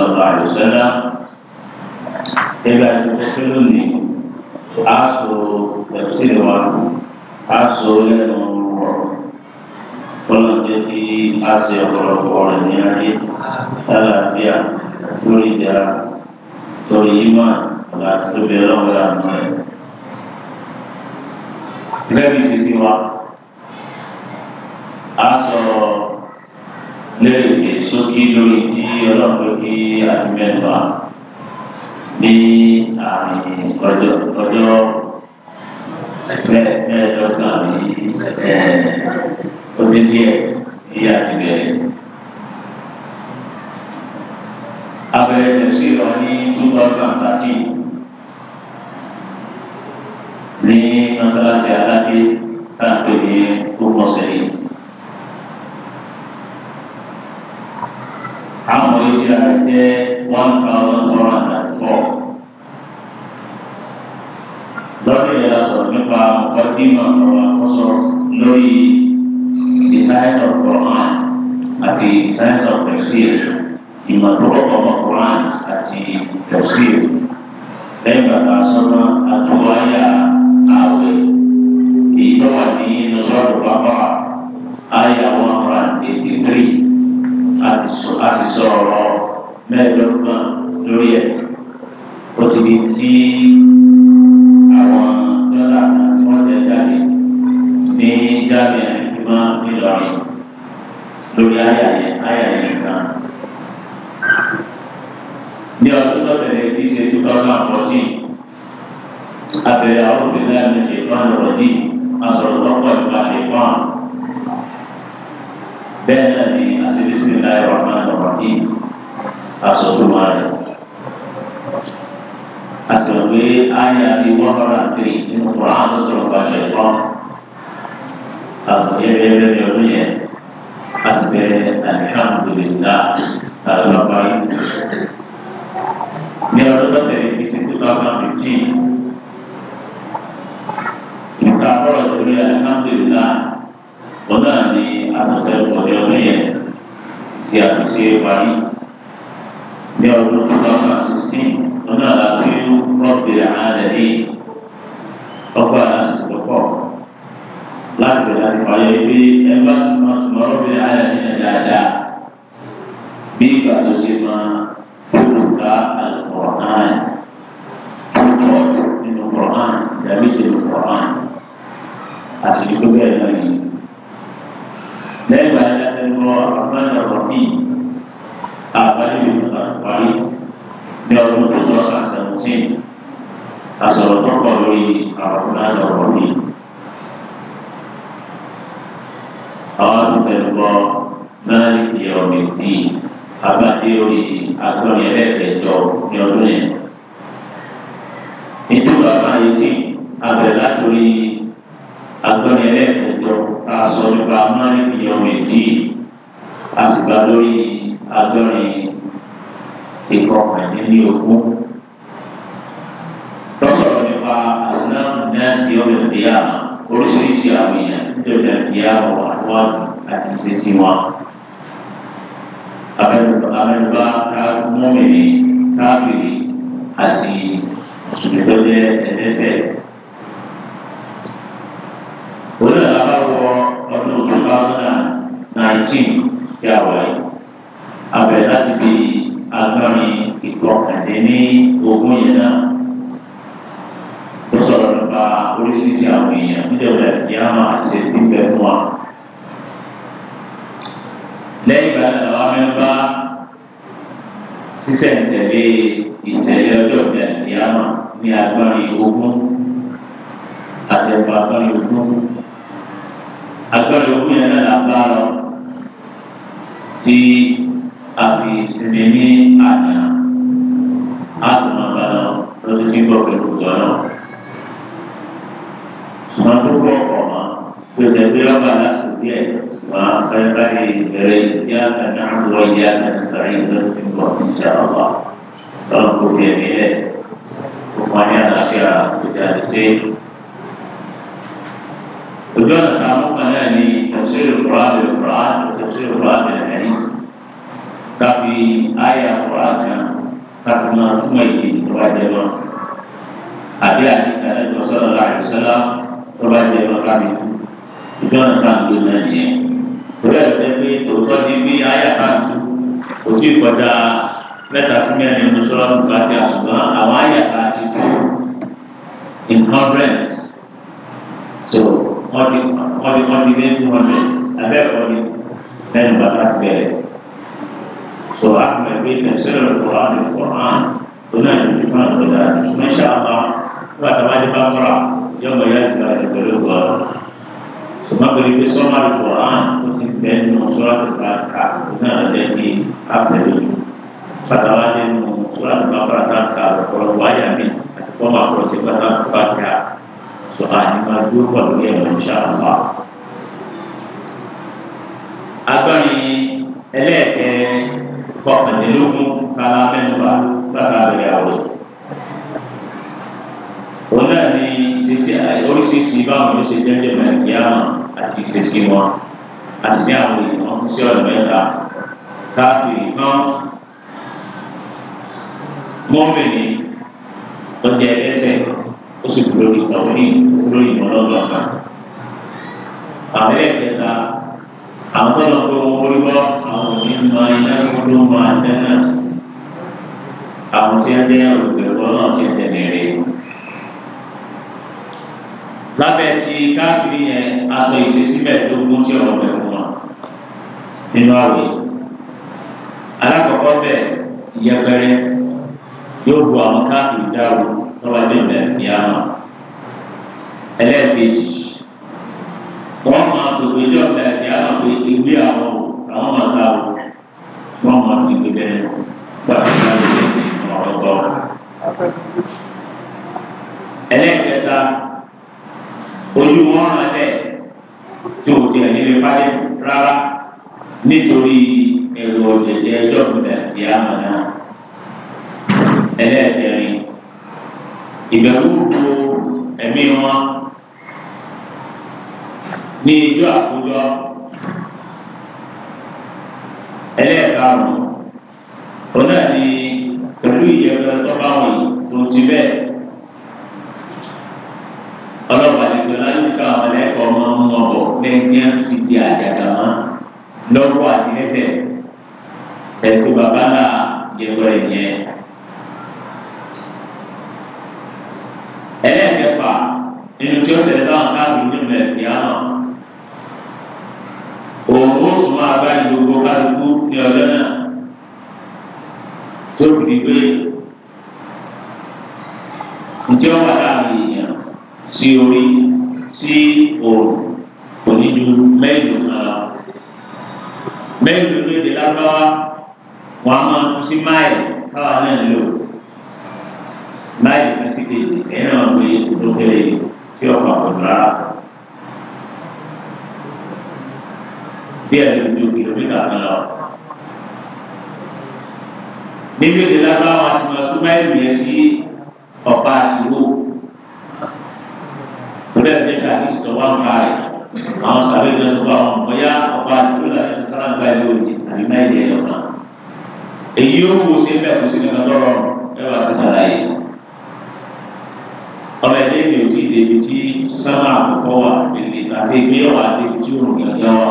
sallallahu alaihi wasallam ẹgbẹ́ àti pẹ́pẹ́ lónìí a sọ tẹ̀sílì wa a sọ lẹ́nu rọ̀ kọ́lọ́ jẹ́ kí a ṣe ọ̀pọ̀lọpọ̀ rẹ̀ ní ayé lálàáfíà lórí ìdára torí yíma láti tó bẹ̀rẹ̀ lọ́wọ́ àná rẹ̀. Gẹ́gẹ́ bí ṣe sí wa, a sọ̀rọ̀ lẹ́yìn tí sókè lórí tí ọlọ́run kí àtìmẹ́fà ní àárín ọjọ́ ọjọ́ mẹ́ẹ̀ẹ́dọ́gbọ̀n àbí ọdẹ́díẹ̀ ní àtìmẹ́rẹ́. Abẹ́rẹ́ tẹ̀sí lọ ní two thousand thirteen ní mọ́sálásí aláké tá a pè ní sẹ́yìn. àwọn oníṣẹ́ rẹ̀ jẹ́ one thousand one hundred and four. lọ́dún yẹn la sọ̀rọ̀ nípa ọ̀pọ̀ tí mà ń rọra kó sọ̀rọ̀ lórí the science of Quran àti the science of tafsir ìmọ̀ tó ọmọ Quran àti tafsir lẹ́yìn bàbá sọ́nà àtúwáyà àwẹ̀ èyí tó wà ní nọ́sọ̀rọ̀ bàbá àyà one hundred eighty three a sì sọ̀rọ̀ mẹ́ẹ̀ẹ́dọ́gbọ̀n lórí ẹ̀ ó ti di tí àwọn dọ́là tí wọ́n jẹ jáde ní jáde ìgbìmọ̀ Ìlọrin lórí ayé àyè. ṣe wà yìí. àti ẹ̀kọ́ agbára yòókù agbára yòókù yẹn náà lágbára tí a fi sinmi ní àná àtùmọ̀gbà náà lọ́dún tí bọ̀ pẹ̀lú ìjọ náà ṣùgbọ́n tó gbọ́ ọ̀pọ̀ mọ́ pèsè pé ọba lásìkò díẹ̀ máa fẹ́ báyìí bẹ̀rẹ̀ ìdí àgbàdo àwọn ọ̀yẹ́ àtàkùnrin lọ́dún tí bọ̀ ìṣe ọ̀pọ̀ lọ́dún tó fi ẹ̀mí lẹ̀. Semuanya rahasia tidak ada ojú ọ̀nà tá a mú kan náà ní tafsir Qur'an bil Qur'an tafsir Qur'an bil Hadith káfí àyà Qur'an kan káfí máa túmọ̀ èyí tó bá jẹ mọ́ àbí àti kàlẹ́ tó sọ̀rọ̀ láàyè sọ́lá tó bá jẹ mọ́ káfí ojú ọ̀nà tá a ń gbé náà nìyẹn torí ẹ̀ fẹ́ pé tòótọ́ ní bí àyà kan tú ojú ìkọjá mẹ́ta sí mẹ́rin ní sọ́lá tó bá jẹ àṣùgbọ́n àwọn àyà kan ti tú in conference so wọ́n ti wọ́n ti wọ́n ti ní two hundred abẹ́ẹ̀kọ́ ni lẹ́nu bàtà bẹ̀rẹ̀ so ahmed bíi tẹ̀sílẹ̀ kọ́ra ní kọ́ra tó náà ní ìlú náà tó dáa mẹ́ṣà àbá tó àtàwájú bá kọ́ra yọ̀mọ̀ yá ìgbà ìgbàlódé gbọ́ ṣùgbọ́n pẹ̀lú pé sọ́mà ní kọ́ra ó ti bẹ́ẹ̀ nù sọ́ra tó bá kà tó náà lẹ́ ní àfẹ́lẹ́ pàtàwájú nù sọ́ra tó bá kọ́ra tá a kà ọ̀pọ̀lọpọ̀ àyà mi àti fọ́ọ̀mù àpọ̀lọpọ̀ tó a ní máa dúró pọ̀ lórí ẹ̀rọ ìṣàlùmọ́. agbọ́nrin ẹlẹ́ẹ̀kẹ́ kọkànlélógún kálá mẹ́nuba bàbá rẹ̀ àwọ̀ òun náà ní ṣíṣe oríṣiríṣi báwọn ló ṣe jẹ́jẹ́ mẹ́rìndínláàmù àti ìṣesí wọn àti ní àwọn èèyàn fún sí ọ̀nà mẹ́ta káàkiri kan mọ́mìnì tó jẹ́ ẹlẹ́sẹ̀ kan ó sì kú lórí tàwí lórí ìmọ̀lọ́dọ̀ kan. Àwọn ẹ̀kẹta àwọn tó lọ pé wọ́n wọlé bọ́ àwọn òní ń lọ iná kó ló ń bọ àtẹ́nà. Àwọn tí a jẹ́ olùgbẹ̀rọ náà ti ń tẹ̀lé rè. Lábẹ́ ti káàkiri yẹn aṣọ ìṣesíbẹ̀ tó gún tí ọ̀rọ̀ bẹ̀rù wọn nínú àwẹ̀. Alákọ̀ọ́kọ́ bẹ̀ yẹpẹrẹ yóò bu àwọn káàkiri dárò tọ́ba bí ìgbà ní àmà ẹlẹ́ẹ̀kejì wọ́n máa gbogbo ìjọ ìgbà ní àmà pé ìwé àwọn àwọn máa ta o wọ́n máa ti gbé bẹ́ẹ̀ gbàgbé láti ṣe ọ̀rọ̀ gbọ́. ẹlẹ́ẹ̀kẹta ojú wọn rán lẹ̀ tí o tiẹ̀ nílé parí rárá nítorí ẹ̀rọ ọ̀jẹ̀jẹ̀ ẹjọ́ ìgbà ní àmà náà ẹlẹ́ẹ̀kẹrin ìbẹ̀rù bo ẹ̀mí wọn ní ijó àkójọ ẹlẹ́ẹ̀karùn ọ̀nà ni pẹ̀lú ìyẹ̀wò tọ́ba wọn tó ti bẹ́ẹ̀ ọlọ́pàá ti gbọ́ láti ká àwọn ẹlẹ́kọ̀ọ́ máa ń mọ̀ bọ̀ lẹ́yìn tí wọ́n ti di àjàgà mọ́ lọ́wọ́ àti lẹ́sẹ̀ ẹ̀kọ́ bàbá náà yẹ̀wò ẹ̀yẹ. ẹlẹ́ẹ̀kẹfà nínú tí ó ṣẹlẹ̀ láwọn káàkiri nínú ẹ̀kí àná òun ó sùn máa bá gbogbo kálukú ní ọjọ́ náà tó kìí pé ǹjẹ́ wà láàrin èèyàn sí orí sí òòrùn kò ní ju mẹ́lò kan lọ mẹ́lò ló dé lábáwá wọn a máa tún sí máìlì káwa náà lò ó báyìí lásìkò èyí ẹ̀yìn náà pé ìdókòlè tí ọ̀pọ̀ àkọ́dọ̀ rárá. díẹ̀ ló ju kìlómítà kan lọ. níbi èdè lábáwá ti mọ tó máìlì yẹn sí ọ̀pá àti wò. Bẹ́ẹ̀ ni ká kí sọ wá ń parí. Àwọn sàbẹ̀ ìjọ sọ fún àwọn bóyá ọ̀pá àti wò láti sára ìlú òní àbí máìlì ẹ̀yọ̀ kan. Èyí ó kó sí ẹgbẹ́ kó sí ẹgbẹ́ lọ́rọ̀ débi tí sánmà àkọ́kọ́ wà lèlè àti ìgbéyàwó débi tí òrùn gàgà wà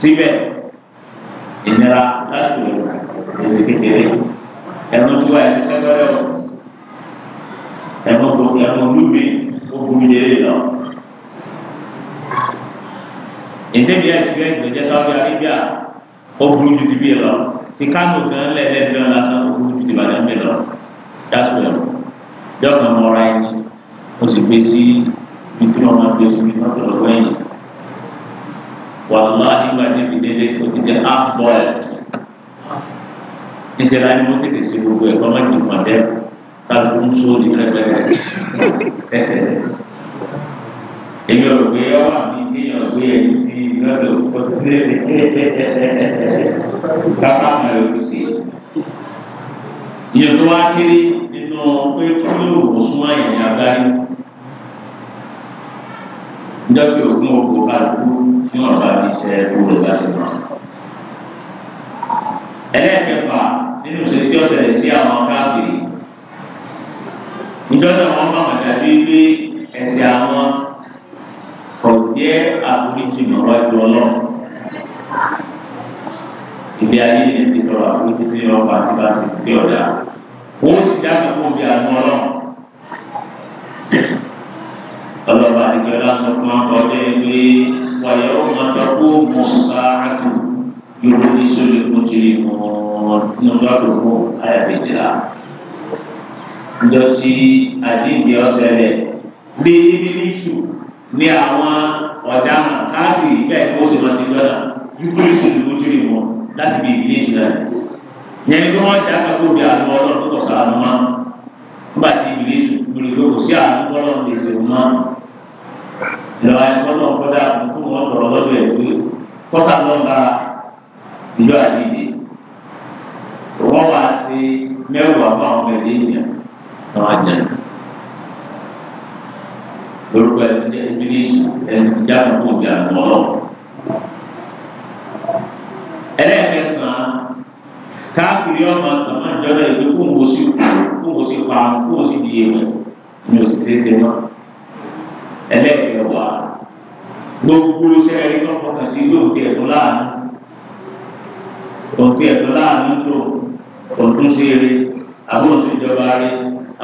síbẹ̀ ìnira láti rẹ̀ èsì kékeré ẹ̀rọ tí wà ní sẹ́gbẹ́rẹ́ ọ̀sì ẹ̀rọ tó ẹ̀rọ olúmi ó fún mi lérè lọ. ìdébí ẹ̀sìn bẹ́ẹ̀ gbẹ̀jẹ̀ Saudi ó fún mi ti bí lọ ti Kánò gan lẹ́ẹ̀lẹ́ẹ̀dẹ́rẹ́ lásán ó fún mi ti bàdàn mi lọ dáṣọ ẹ̀rọ jọ́kàn mọ́ra ẹni wọ́n ti gbé sí ibi tí wọ́n máa gbé sí ibi tí wọ́n lọ wẹ́yìn. wàhálà nígbà tí ibi délé kò ti jẹ́ half boil. ìṣẹ̀lẹ̀ ayé wọ́n tètè sí gbogbo ẹ̀kọ́ mẹ́jọ pàdé kálukú ń sọ ní pẹ́pẹ́. èmi ò gbé ọwọ́ àmì ìgbéyàn gbé ẹ̀ sí lọ́dọ̀ òkúté. kápá àmì ẹ̀ ló sì. ìyẹn tó wá kiri nínú pé kí ló wò ó súnmọ́ ẹ̀yìn agbárí níjọ́ tí òkun òkú kálukú ní ọ̀rọ̀ àti iṣẹ́ ẹ̀kú rẹ̀ bá ṣe mọ́. ẹlẹ́ẹ̀kẹfà nínú ìṣèlú tí ó ṣẹlẹ̀ sí àwọn káàkiri níjọ́ tí wọ́n bá wọn dàbí pé ẹ̀sìn àwọn kò jẹ́ àforíjì nọ̀rọ̀ ju ọlọ́run. ìgbé ayé yẹn ti tọrọ àforíjì tí wọ́n bá ti bá ti ti ọ̀dà wọ́n sì dábàá kó bí àwọn ọlọ́run ọlọ́ba àdìgbẹ́lá sọ fún ọjọ́ ìwé wàyẹ̀ ọmọdọ́kú mọ̀sáàtù yóò ní sólè kúndìrì mọ́ nígbàdùnkù ayàbẹ̀jìlá. Ìjọsí àdìgbì ọ̀sẹ̀ rẹ̀ gbé ibi níṣù ní àwọn ọ̀daràn káàkiri bẹ́ẹ̀ kó sì máa ti lọ́nà yóò ní sólè kúndìrì mọ́ láti bí ibi níṣù náà. Yẹn ni wọ́n ti àkàkọ́ bí àánú ọlọ́run tó kọ̀ sàánú máa ń gbà tí ibi níṣù lórí lóko sí àánú ọlọ́run lè ṣe wọ́n máa ìjọba ẹgbẹ́ náà kọjá àbùkù wọn sọ̀rọ̀ lọ́dọ̀ ẹ̀ pé kọ́sà lọ́n bá ìjọ àdìdì wọ́n wá sí mẹ́wàá bá wọn bẹ̀rẹ̀ èèyàn náà jẹ́ lórúkọ ẹni ẹni ẹni jáde kó di àná lọ. ẹlẹ́ẹ̀kẹsàn-án káàkiri ọmọ àtàwọn ìjọba ìlú kó ń sí kó ń sí pa kó ń sí di ewé ni òṣìṣẹ́ ṣe náà ẹlẹ́kẹ̀wà gbogbo sẹ́ẹ̀rí tó fọkàn sí yóò tiẹ̀ tó láàánú òǹtí ẹ̀tọ́ láàánú tó òǹtún sí eré àbúrò sí ìjọba rí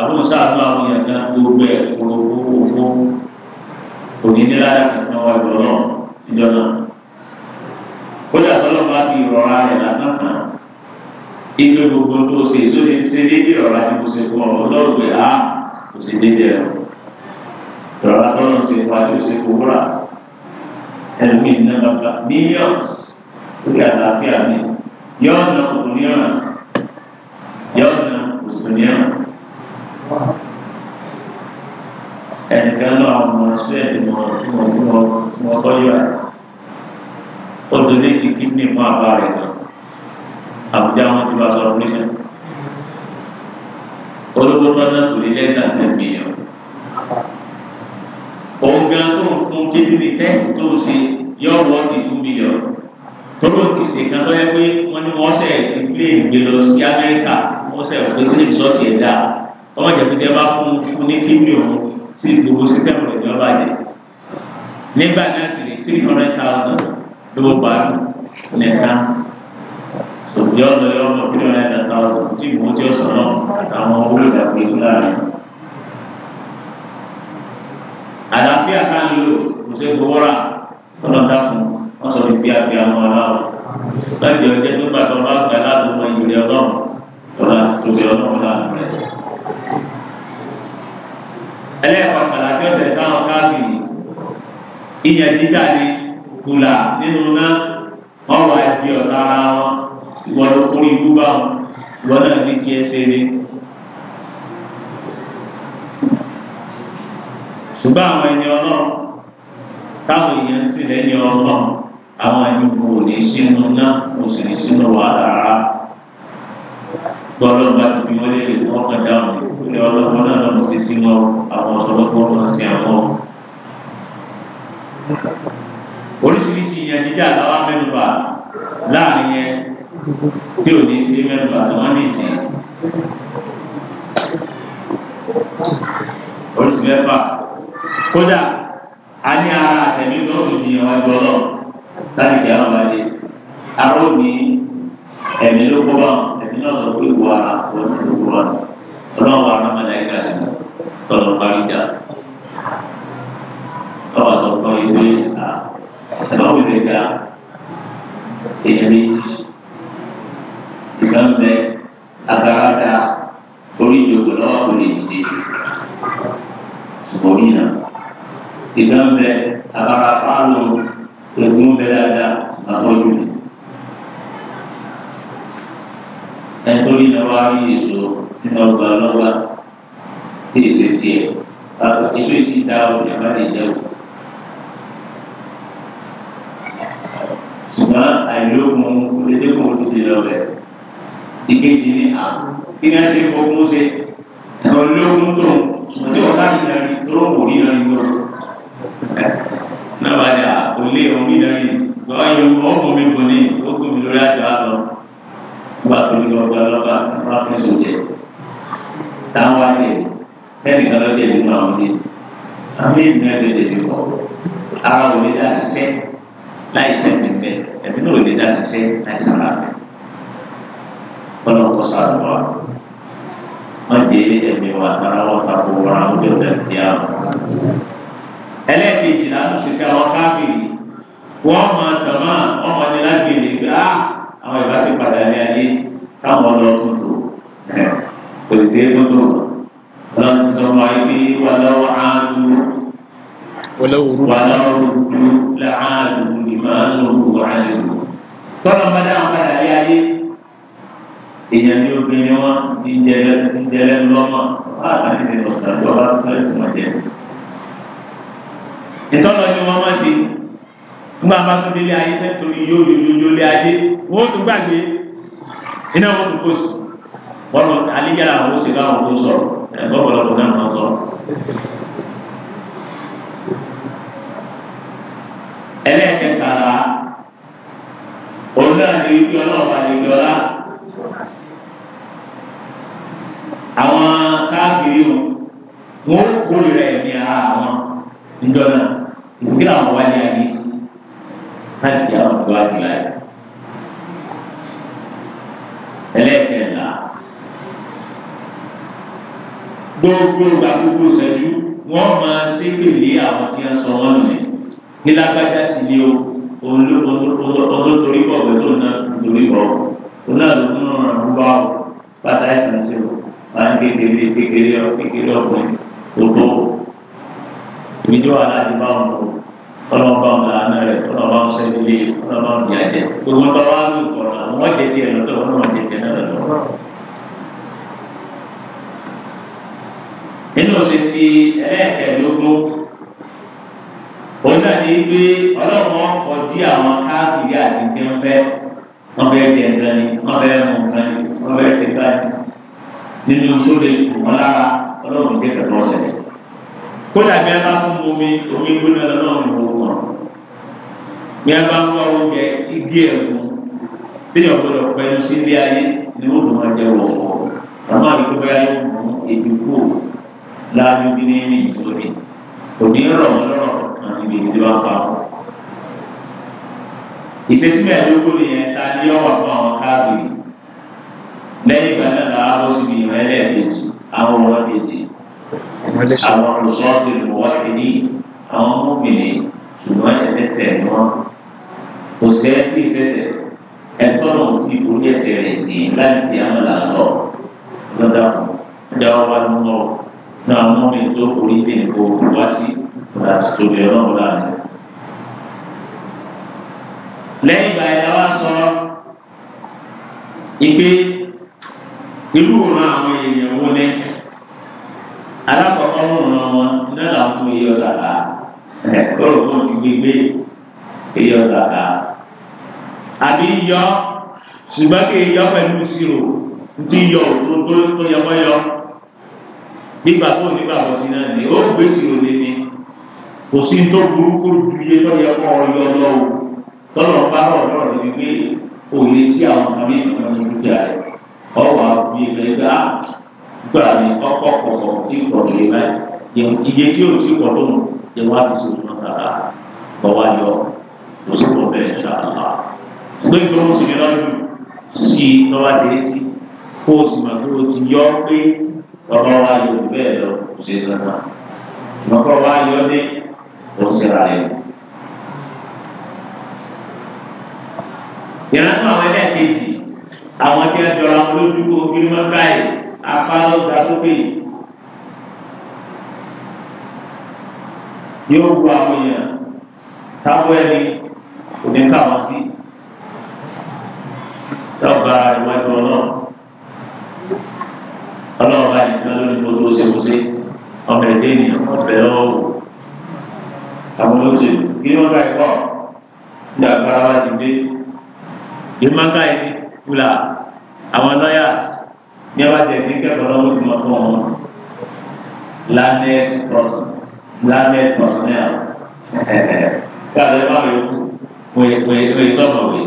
àbúrò sáàánú àwọn èèyàn kan tó gbé ẹ̀kọ́ owó owó òní ní láyà kankan wá ìjọ náà ìjọ náà kódà tọ́lọ́ bá fi ìrọ̀rá rẹ̀ lásán kan ìgbé gbogbo tó ṣe ìsóni ṣe déédéé ọ̀rá tí kò ṣe fún ọ lọ́rùn pé kò ṣe déédéé ẹ̀rọ tọ̀rọ̀ àtọ́nà sih fún sih ṣe fún wúrà ẹlòmíì ní nàbàbà mílíọ̀nù lókè àlàáfíà mi yọ̀ọ́ nà òkùnrin ọ̀nà yọ̀ọ́ nà òkùnrin ọ̀nà. ẹnìkan lọ àwọn ọmọ ṣẹ́ ẹ̀dùnmọ̀ ọ̀túnmọ̀ ọ̀túnmọ̀ ọ̀túnmọ̀ ọ̀tọ́yọ̀ obìnrin ti kí ní fún àbá rẹ̀ náà àbújá wọn ti bá òun gan tó ń fún kébìrì tẹ́sì tó ń ṣe yọ wọ́n ti two million tọ́lọ́ ti ṣe kan lọ́yẹ́ pé wọ́n ní wọ́n ṣẹ̀ ilé ìgbé lọ sí amẹ́ríkà wọ́n ṣẹ̀ òkè sí ìṣọ́ọ̀tì ẹ̀dá ọmọ jẹ̀bi jẹ́ bá fún fún ní kébìrì òun sí ìgbòho sí tẹ̀wọ̀n ìjọba jẹ nígbà náà sì ní three hundred thousand ló bá nìkan òjò lọ yọ ọmọ three hundred thousand tí ìwọ́n ti ọ̀sán náà àtàwọn olùdàgbé láàrin àlàáfíà ká ń lò kò sí gbowó rà tọ́lọ̀ dákun wọ́n sọ fífi àfi àwọn aláwọ̀ láti ọjọ́ tó gbàtọ́ bá gbà ládùúgbò ìrìn ọlọ́run tọ́lá tóbi ọlọ́run láàrin rẹ̀. ẹlẹ́ẹ̀kan pàtàkì ọ̀sẹ̀ táwọn káàkiri ìyẹn jíjà ni kùlà nínú náà ọrọ̀ àti ọ̀tá ara wọn ìwọ́n ló kórìí bú wọn ìwọ́n náà ní tiẹ̀ ṣe ni. ṣùgbọ́n àwọn ẹni ọlọ́run táwọn èèyàn sì lẹ́yìn ọlọ́run àwọn ẹni kò ní sínú náà kò sì ní sínú wàhálà rárá gbọ́dọ̀ bá ti fi wọlé lè wọ́n kàn dáhùn ní ọlọ́run náà lọ́mọ sí sínú àwọn ọ̀sọ̀lọ́pọ̀ ọmọ sí àwọn. oríṣiríṣi ìyẹn níjà làwọn mẹ́nuba láàrin yẹn tí ò ní sí mẹ́nuba tí wọ́n ní sí. oríṣi mẹ́fà kódà a ní ara àtẹ̀mí lọ́sùn di ìwájú ọlọ́run láti kí àwọn bá dé ará òní ẹ̀mí ló kọ́ bá ẹ̀mí náà lọ pé ìwọ ara wọn ti ló kọ́ bá ọlọ́run wa náà mọ̀lẹ́ ẹ̀ka sí tọ́lọ̀ parí dá tọ́wọ́ tó kọ́ ìwé àtẹ̀wọ́ ìwé ga èèyàn méjì ìgbà ń bẹ agarada orí ìjòkó lọ́wọ́ kò lè dìde ṣùgbọ́n orí náà ìdán bẹ àbára fáànù ẹ̀gbọ́n bẹ dáadáa àtọ́jú. ẹ̀tọ́rí náà wá rí èso nínú ọgbà ọlọ́wà tí èso tiẹ̀ èso yìí ti da ọjà bá lè jẹun. ṣùgbọ́n àìlókun olédèkùn olùdíje lọ́wẹ̀ ìkejì ní à kí ni a ṣe fọwọ́ mú ṣe ẹ̀rọ lókun tó tí wọ́n sáré ìdarí tó ń wò ní ìdarí lọ́wọ́ náà bá dà kò lé omi lórí gbọ́yìn ọkùnrin mi kò ní ókú mi lórí àjọ àlọ́ wà tó ní ọgbà lọ́ba wà fún ìṣòjẹ́ táwọn wáyé sẹ́ni kan lọ́jọ́ ìlú náà wọlé àmì ìlú náà lọ́jọ́ ìlú kọ̀ ara ò lè dá ṣiṣẹ́ láì sẹ́ni bẹ́ẹ̀ ẹ̀mí náà ò lè dá ṣiṣẹ́ láì sára bẹ́ẹ̀ kọ́nà kọ́ sára wà wọ́n jẹ́ ẹ̀mí wa ara wọn kà kó wọn àwọn ọjọ́ ìdá ẹlẹ́ẹ̀kejì náà ló ti ṣe àwọn káàkiri wọ́n máa tàmá ọmọ ní lágbèrè gbé á ah, àwọn ìbá ti padà ní ayé táwọn ọlọ́run tó kò sí ètò tó ọlọ́run ti sọ wá ibi wà lọ́wọ́ àádú wà lọ́wọ́ rúdú làádú ìmáàlú àlèkò tọ́lọ̀ bá dáhùn padà ní ayé èèyàn ní obìnrin wọn ti ń jẹ lẹ́nu lọ́mọ àbájáde ọ̀sán tó bá fẹ́ẹ́ fún ọjọ́ ìtọ́lọ ni wọ́n máa ṣe nígbà bá tún délé ayé tẹ́ torí yóò lè lójó lé ayé wọ́n tún gbàgbé iná wọn tún kó sí wọ́n lọ àlejàrà àwọn oṣù káwọn tó sọ̀rọ̀ ẹ̀gbọ́pọ̀lọpọ̀ náà wọ́n sọ̀rọ̀. ẹlẹ́ẹ̀kẹtàlá òun náà ní ibi ọlọ́ọ̀bà ní ibi ọlá àwọn káàkiri wọn kó rẹ̀ ní ara àwọn níjọ náà. Mungkin ìgbéra àwọn wáyé àdìsí láti àwọn ọ̀dọ́ àdìlá yìí. ẹlẹ́ẹ̀kẹ́ńlá gbogbo ìgbà gbogbo ìṣẹ́jú wọ́n máa ṣe pèlè àwọn tí wọ́n sọ wọ́n lẹ̀ ní lágbájá sí ni o olótorí bọ̀ bẹ́ẹ̀ tó ná torí bọ̀ o náà ló ń rán ọ̀rọ̀ bá o bàtà ìsàn sí o máa ń kékeré kékeré ọkùnrin tó tó o ìjọ aláàbí bá wọn kọ ọlọ́wọ́ bá wọn làánà rẹ̀ ọlọ́wọ́ bá wọn sẹ́yìn lé ọlọ́wọ́ bá wọn ní àjẹ gbogbo ń tọ́wọ́ àwọn ìkọ̀rọ̀ àwọn wọ́n jẹ tiẹ̀ lọ́tọ̀ wọn náà jẹ tiẹ̀ náà lọ́tọ̀. nínú ọ̀sẹ̀ ti òun náà pé ọlọ́wọ́ kọ àwọn káàkiri àti tí ń fẹ́ wọ́n fẹ́ jẹ nǹkan ni wọ́n fẹ́ mú nǹkan ni wọ́n fẹ́ ti báyìí nínú tó lè kù wọ́n lára ọlọ́run jẹ́ kẹ̀kọ́ ọ̀sẹ̀ kódà bí a bá fún omi omi gbóná lọ́nà òwò wọn bí a bá ń wá oúnjẹ igi ẹ̀mú bí yóò gbọdọ̀ pẹ̀lú sí ilé ayé ni wọ́n tó máa jẹ wọ̀ wọ̀ ọmọ àdúgbò bá yóò mú ebi kú láàbí bí ní ní ìtòrí òní rọ̀ lọ́rọ̀ kan níbi ìdílé wa pa ọ́. ìṣesí mẹ́ẹ̀ẹ́dógún nìyẹn ta ni ó wà fún àwọn káàbì lẹ́yìn ìgbà náà làwọn bó síbi ìrẹ́lẹ̀ kejì àwọn ọ̀rọ̀ kejì wọn lẹ́sẹ̀. àwọn olùsọ́ ti lù wá ní àwọn ọmọbìnrin ṣùgbọ́n ẹlẹ́sẹ̀ ni wọ́n kò sẹ́ sí ìṣẹ̀ṣẹ̀ ẹ̀tọ́ náà ti borí ẹsẹ̀ rẹ̀ dì láì di àwọn làásọ̀ lọ́dà ọjà ọba ló ń lọ náà wọ́n mi tó orí tẹ̀lé kó wá sí láti tóbi ọlọ́run láàrin. lẹ́yìn ìgbà yẹn wá sọ ìgbé irú òun àwọn èèyàn wọlé alákọ̀ọ́kọ́ ń ràn wọn iná làwọn tún yíyọ sàkà kóró fún ti gbégbé yíyọ sàkà àbí yọ ṣùgbọ́n kì í yọ pẹ̀lú ìṣirò ti yọ òkúrò tó yẹ kọ́ yọ nígbà tó nígbà bọ̀ sí náà ni ó gbé ìṣirò lé ní kò sí tó burúkú ju iye tó yẹ kọ́ ọ yọ lọ́wọ́ tọ́lọ̀ bá rọ̀ lọ́rọ̀ lórí òye sí àwọn kan ní ìtàn dúkìá rẹ̀ ọ̀wà òbí ẹgbẹ́ gbà. Ah, gbà ní ọkọ̀ kọ̀ọ̀kọ̀ tí kọ̀ lè mẹ́ iye tí o ti kọ̀ lóhùn ni wọ́n á fi sòrò náà sára bọ́wá yọ lọ́sọ̀rọ̀ bẹ́ẹ̀ ṣàlàyé. ṣùgbọ́n ìgbọ́n oṣù mi lọ́dún sí lọ́wọ́ ṣe é sí kó o sì mọ̀ pé o ti yọ pé ọ̀rọ̀ wa yọ bẹ́ẹ̀ lọ kò ṣe é lọ́wọ́. ìmọ̀kọ́ wa yọ ní òun ṣe ra rẹ̀. ìrántí àwọn ẹlẹ́ẹ̀kejì àwọn tí wọ́n jọra lójú ogun ní wọ́n báyìí apá ló ga sókè yóò wu àwọn èèyàn táwọn ẹni òní káwọn sí lọ́ba ìwájú ọlọ́run ọlọ́run bá nìkan lórí gbogbo ṣèkúṣe ọmọ ẹ̀dẹ́ ènìyàn ọ̀bẹ ọ̀hún àwọn olóṣèlú kí wọ́n bá ẹ̀kọ́ nígbà kára wá ti dé yìí má báyìí kúlà àwọn lọ́yà ní ọba jẹ ní kẹfọ náà ó ti mọ fún wọn lanet prospect lanet personnel káàdé bá mi wò wò wò sọ̀rọ̀ wò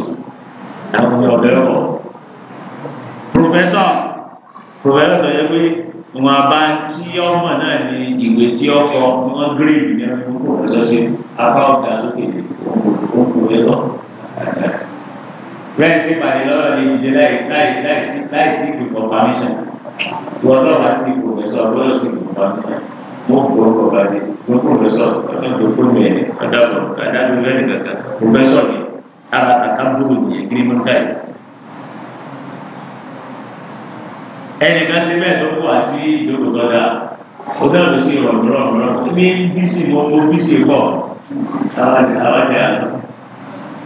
àwọn ọmọ ọ̀bẹ ọ̀bọ̀ professor professor tó yẹ pé wọn bá ń tí ọmọ náà ní ìwé tí ọkọ wọn gírèdì ní ọdún professor ṣe apá ọ̀gá sókè òkú ẹ̀kọ́ rẹ́ẹ̀ sí pàdé lọ́rọ̀ ní ìdílé láì láì láì sí láì sí ìpò permission wọ́n lọ́wọ́ sí professor lọ́wọ́ sí ìpò permission mo kò kọ̀ bàdé mo professor ọ̀dọ́ tó kó mi ẹ̀ ọ̀dọ́ adájọ́ lẹ́nu kankan professor mi ara kankan búrò ní agreement time. ẹnìkan sí bẹ́ẹ̀ tó kọ́ àti ìjókòó tó dáa ó dáa lọ sí ìrọ̀rùn rọ̀rùn rọ̀rùn mi bí sì mo mo bí sì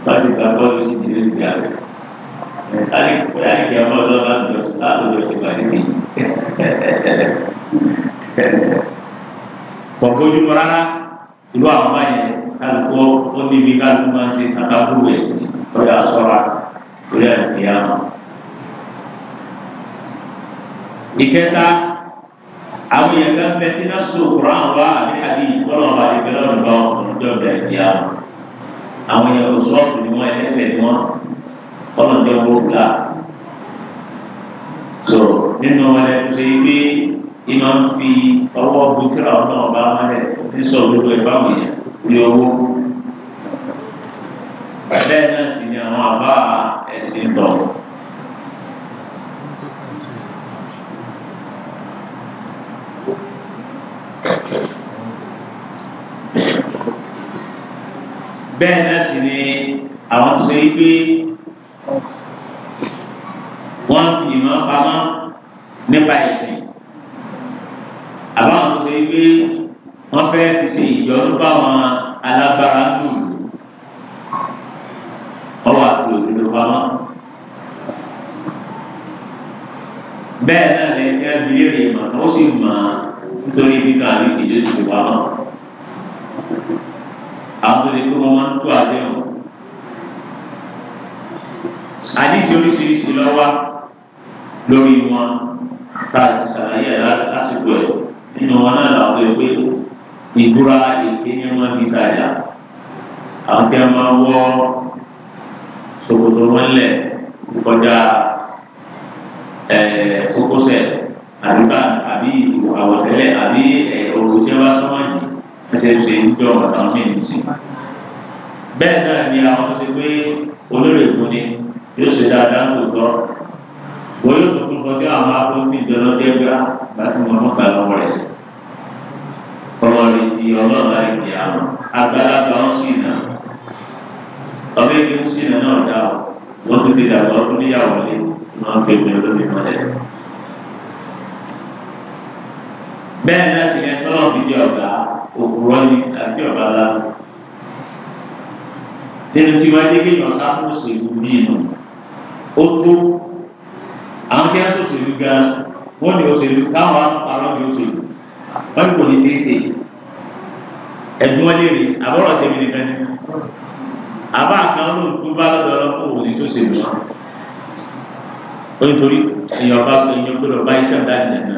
láti gbàgbọ́ ló sì ti lórí ìyá rẹ̀. Táyì bóyá ìdí ọmọ ọlọ́ba lọ sí láàbò lọ sí pàdé mi. Kọ̀ọ̀kan ojúmọ́ rárá ìlú àwọn báyìí kálukú ó níbi kálukú máa ń ṣe kàkàkùrù ẹ̀sìn lọ́dọ̀ àṣọra lórí àdìyà wọn. Ìkẹta àwọn àwọn yẹn kò sọ́ọ̀tù ni wọ́n ẹlẹ́sẹ̀ ni wọ́n ọ̀nà ní owó gbà. so nínú wọn ṣe pé iná ń fi ọwọ́ bukira ọ̀nà ọba mọ́lẹ̀ ní sọ̀rọ̀ ẹ̀ báwọn yẹn ní owó. bẹ́ẹ̀ náà sì ni àwọn àbá ẹ̀sìn tọ̀. Thank you. bẹ́ẹ̀ náà sì ni àwọn tó ṣe yí pé wọ́n fi ìmọ̀ pamọ́ nípa ẹ̀sìn àbáwọn tó ṣe yí pé wọ́n fẹ́ fi ṣe ìyọnu báwọn alágbára ń lò ọwọ́ àti òdodo pamọ́. bẹ́ẹ̀ náà lẹ́yìn tí wọ́n fi léèrè ìmọ̀ náà ó sì mọ̀ nítorí bíbá àbí ìjọ́sìn pamọ́ àwọn tó lè kó wọn máa ń tó àdéhùn. àdísì oríṣiríṣi lọ wá lórí wọn tá a ti ṣàlàyé ẹ̀ lásìkò ẹ̀ nínú wọn náà làwọn tó lè pé ìdúrà èké ni wọn fi tajà àwọn tí wọn máa wọ ṣòkòtò wọn lẹ kọjá kókósẹ̀ àdúgbà àbí àwọ̀tẹ́lẹ̀ àbí ọ̀rọ̀ tí wọn bá sọ́wọ́n yìí ẹsẹ̀ ṣe ìjọ ọ̀nà ní ìlúsí. bẹ́ẹ̀ náà ni àwọn tó ti pé olórí èkó ni yóò ṣe dáadáa ń lòótọ́ bóyá tó tún kọjá àwọn akóńtì ìjọba dẹ́gbà láti mọ ọmọ gbàgbọ́ rẹ̀ ọmọ rẹ̀ ti ọlọ́run láì kí àwọn àgbàlagbà ń sì nà ọmọ èdè ń sì nà náà dá o wọ́n tún ti dàgbà ọdún níyàwó lé wọn ń gbẹgbẹ olómi mọ́lẹ̀. bẹ́ẹ̀ náà sì ni ẹ̀tọ́ náà fi di ọ̀gá òkúrọ́ ni àti ọ̀bá la nínú tí wọ́n dé kéèyàn sáfún òṣèlú bí inú ó tó àwọn kí wọ́n tó òṣèlú gan wọ́n ní òṣèlú káwọn àpárọ̀ ní òṣèlú wọ́n ní kò ní ti ṣe ẹ̀dùn wọn léèrè àbọ̀rọ̀ tẹ̀mí nìkan ni àbá kan ló ń tún bá lọ́dọ̀ ọlọ́pàá òun ní sọ́sẹ̀lú wọn ó nítorí èèyàn bá èèyàn gbọ́dọ̀ bá iṣẹ́ ọ̀dá ìdẹ̀nà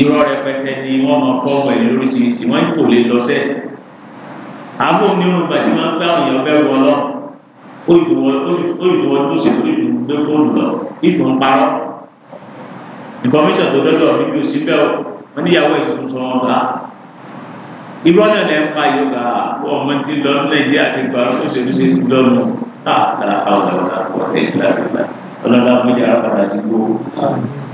irọ́ rẹpẹtẹ ni wọ́n máa kọ́ ọmọ ẹ̀yìn lóríṣiríṣi wọ́n kò lè lọ́sẹ̀ àbò onírun gbàtí máa ń gbá òyìn ọgbẹ́ wọn lọ òyìnbó ọdún ṣe tó ìdùnnú gbé fóònù lọ ìdùn ń parọ́ ìfọ̀míṣọ̀ tó dọ́dọ̀ níbi òsì bẹ́ẹ̀ wọ́n níyàwó ìṣòro sọ wọn bá irọ́ náà lẹ́ ń pa yorùbá ọmọ ti lọ ní nàìjíríà ti gbà ó ṣe ló ṣe ah, sí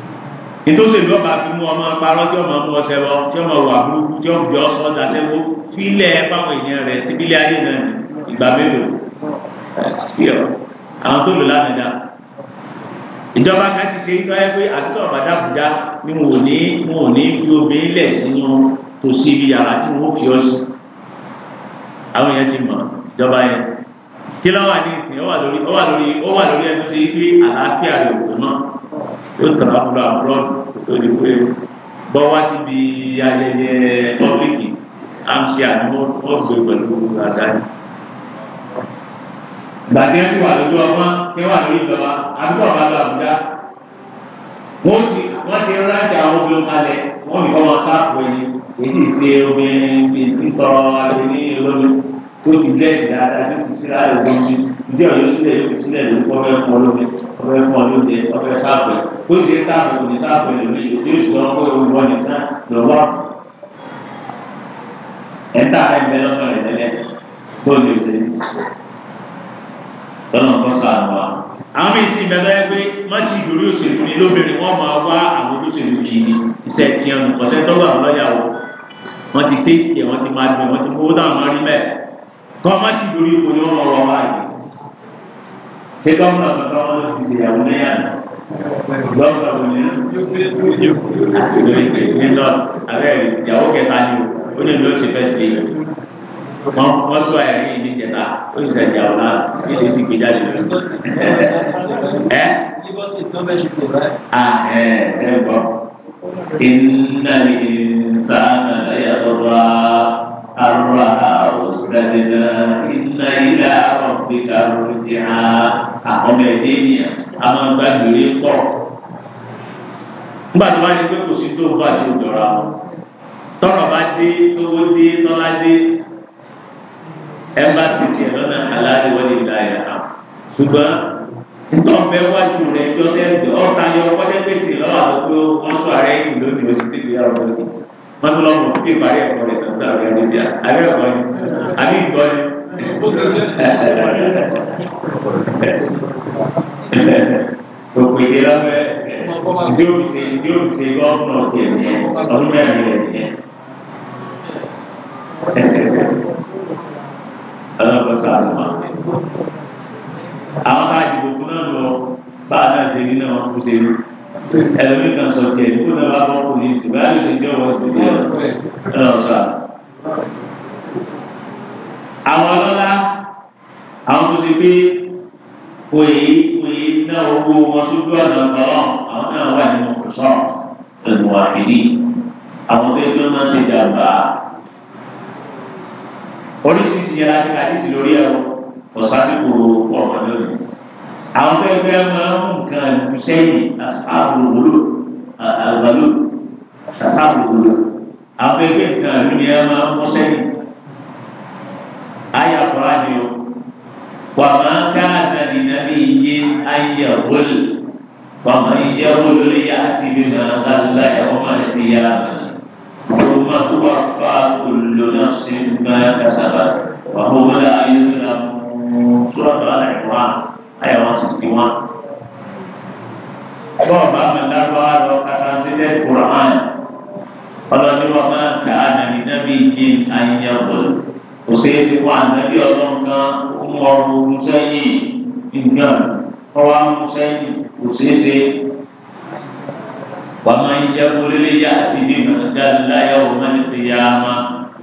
ìtòsèlú ọba fi mú ọmọ parọ́ tí ọmọ mú ọsẹ lọ tí ọmọ wà burúkú tí ọmọ jọ sọ dasẹ́wó fílẹ̀ fáwọn èèyàn rẹ̀ síbílẹ̀ ayé náà ìgbà mélòó spíọ̀ àwọn tó lò lánàá ìjọba ká ti ṣe ìtọ́ ẹ pé àdúgbò ọ̀bàdàbùdá ni wọn ò ní wọn ò ní fi obìnrin lẹ̀ sínú tòsí ibi yàrá tí wọn ó fi ọ sí àwọn èèyàn ti mọ̀ ìjọba yẹn kí lọ́wọ́ àdé ìsìn ó wà lórí ó wà lórí ó wà lórí ẹni tó ṣe pé àlàáfíà rẹ̀ òkú náà yóò tẹ̀lé àbúrò àbúrò ọ̀dùn tó di pé bọ́ wá síbi ayẹyẹ pọ́blíkì amsia ni wọ́n gbé pẹ̀lú àdáyé. Gbàdé ti wà lójú ọgbọ́n tí wà lórí ìjọba àbúrò ọba lọ Àbújá. Wọ́n ti wọ́n ti rájà àwọn obìnrin kalẹ̀ wọ́n fi kọ́mọ sáàpù ẹni èyí ṣe obìnrin bíi títọ́ abẹ́lé olómi tó ti bẹ́ẹ̀ dáadáa tó ti síra ẹ̀ lómi ìdí ọ̀yọ́ sílẹ̀ sílẹ̀ ló kọ́ fẹ́ fún ọlọ́dẹ ọfẹ́ fún ọlọ́dẹ ọfẹ́ sáàpẹ̀ ó ti ṣe sáàpẹ̀ kò ní sáàpẹ̀ lórí ìdí oṣù lọ́wọ́ pé òun wọ́n nìkan lọ́wọ́ ẹ̀ńtà ẹ̀mẹ́ lọ́kọ̀ rẹ̀ tẹ́lẹ̀ tó lè ṣe lọ́nà kọ́ sàánù wa. àwọn míì sì bẹ̀rẹ̀ pé má ti ìdúró òṣèlú ni lóbìnrin wọ́n máa wá àwọn olóṣèlú yìí ni iṣẹ́ tiẹ̀ nù kọ́sẹ́ tọ́gbà wọn lọ́yàwó wọ́n ti tẹ́sítì ẹ̀ wọ́n ti máa gbẹ wọ́n ti mú owó táwọn máa rí mẹ́ẹ̀ kọ́ má ti ìdúró ipò ni wọ́n máa wá wáyé ṣé dọ́kítà bàbá wọn ti ṣèyàwó lẹ́yà dọ́kítà wọn ni àtìlóyè nínú abẹ́ ìyàwó kẹta ni o ó ní ló ti fẹ́ẹ́ ṣe wọn wọn sọ ẹ̀rí ìdí kẹta ó sì ṣàjà ọ̀la ìdí sì gbé jáde lọ. ẹ ah ẹ ẹ gbọ́ iná ní sáà náà lẹ́yà tó wá. أراها واستدنا إن إلى ربك الرجعى أقوم الدنيا أما بعد يقر nígbà tó bá ti pé kò sí tó ń bá ti ń jọra wọn tọrọ bá dé tówó dé tọ́lá dé ẹmbásí tiẹ̀ lọ́nà aláàlú wọlé ìdáyà hàn ṣùgbọ́n ntọ́nbẹ wájú rẹ̀ jọ́tẹ́ ọ̀tayọ̀ ọkọ́jẹ́ gbèsè lọ́wọ́ àti pé wọ́n sọ ààrẹ ìlú ni oṣù àwọn ọ̀dọ́ wọ́n tún lọ́mọ kí ìparí ẹ̀kọ́ rẹ̀ kan sáà rẹ̀ níbi àbí ẹ̀kọ́ ni àbí ìgbọ́ ni. Gbogbo ìdè lọ́fẹ́ ìdí òfìsè ìdí òfìsè gọ́ọ̀nà ọ̀tí ẹ̀mí ọdún mẹ́rin rẹ̀ nìyẹn. Ọlọ́pàá sáà ló máa ń bẹ̀. Àwọn káàdì gbogbo náà lọ bá a náà ṣe rí náà wọ́n kú ṣe rí ẹlẹ́mí kan sọ tiẹ̀ kó náà bá wọ́n kò ní ti báyà lè ṣe jẹ́ wọ́n ti di ẹ̀ ọ̀sà. àwọn ọlọ́lá àwọn tó ti gbé oyè oyè náà owó wọn tó gbé ọ̀nà ọ̀gbọ̀n àwọn náà wà nínú kòsọ́ ẹ̀dùn àkìrí àwọn tó ẹgbẹ́ máa ń ṣe jàmbá. oríṣiríṣi yàrá ti kàdísì lórí ẹ̀rọ ọ̀sásìkò ọ̀rọ̀ lónìí àwọn fẹ́fẹ́ máa ń nǹkan ìlú sẹ́yìn àbúrò wúlò àgbàlò àbúrò wúlò àwọn fẹ́fẹ́ nǹkan ìlú ni ẹ máa ń mú sẹ́yìn. ayé àkùrá ni o wà máa ká àtàlì nàbí iye ayé àwòlè wà máa iye àwòlè lórí àti ibi máa ń lálẹ́ ẹ̀wọ̀n máa ń fi yá àmì. ثم توفى كل نفس ما كسبت وهو لا يظلم سورة آل عمران ayé one sixty one. Bọ́ọ̀bù Amẹ́dàgbà lọ kàtà sílẹ̀ Kùrán. Ọlọ́ni wọn máa ń ta àdàní nábì ní àyẹ̀wò. Kò ṣeé ṣe fún àdàbí ọlọ́run kan fún ọrùn ogun sẹ́yìn nǹkan. Ọwọ́ àwọn sẹ́yìn kò ṣeé ṣe. Wàmọ̀ ìjẹ́kù lílé yá àti bí màdá láyà ò máa ń fi yá ma.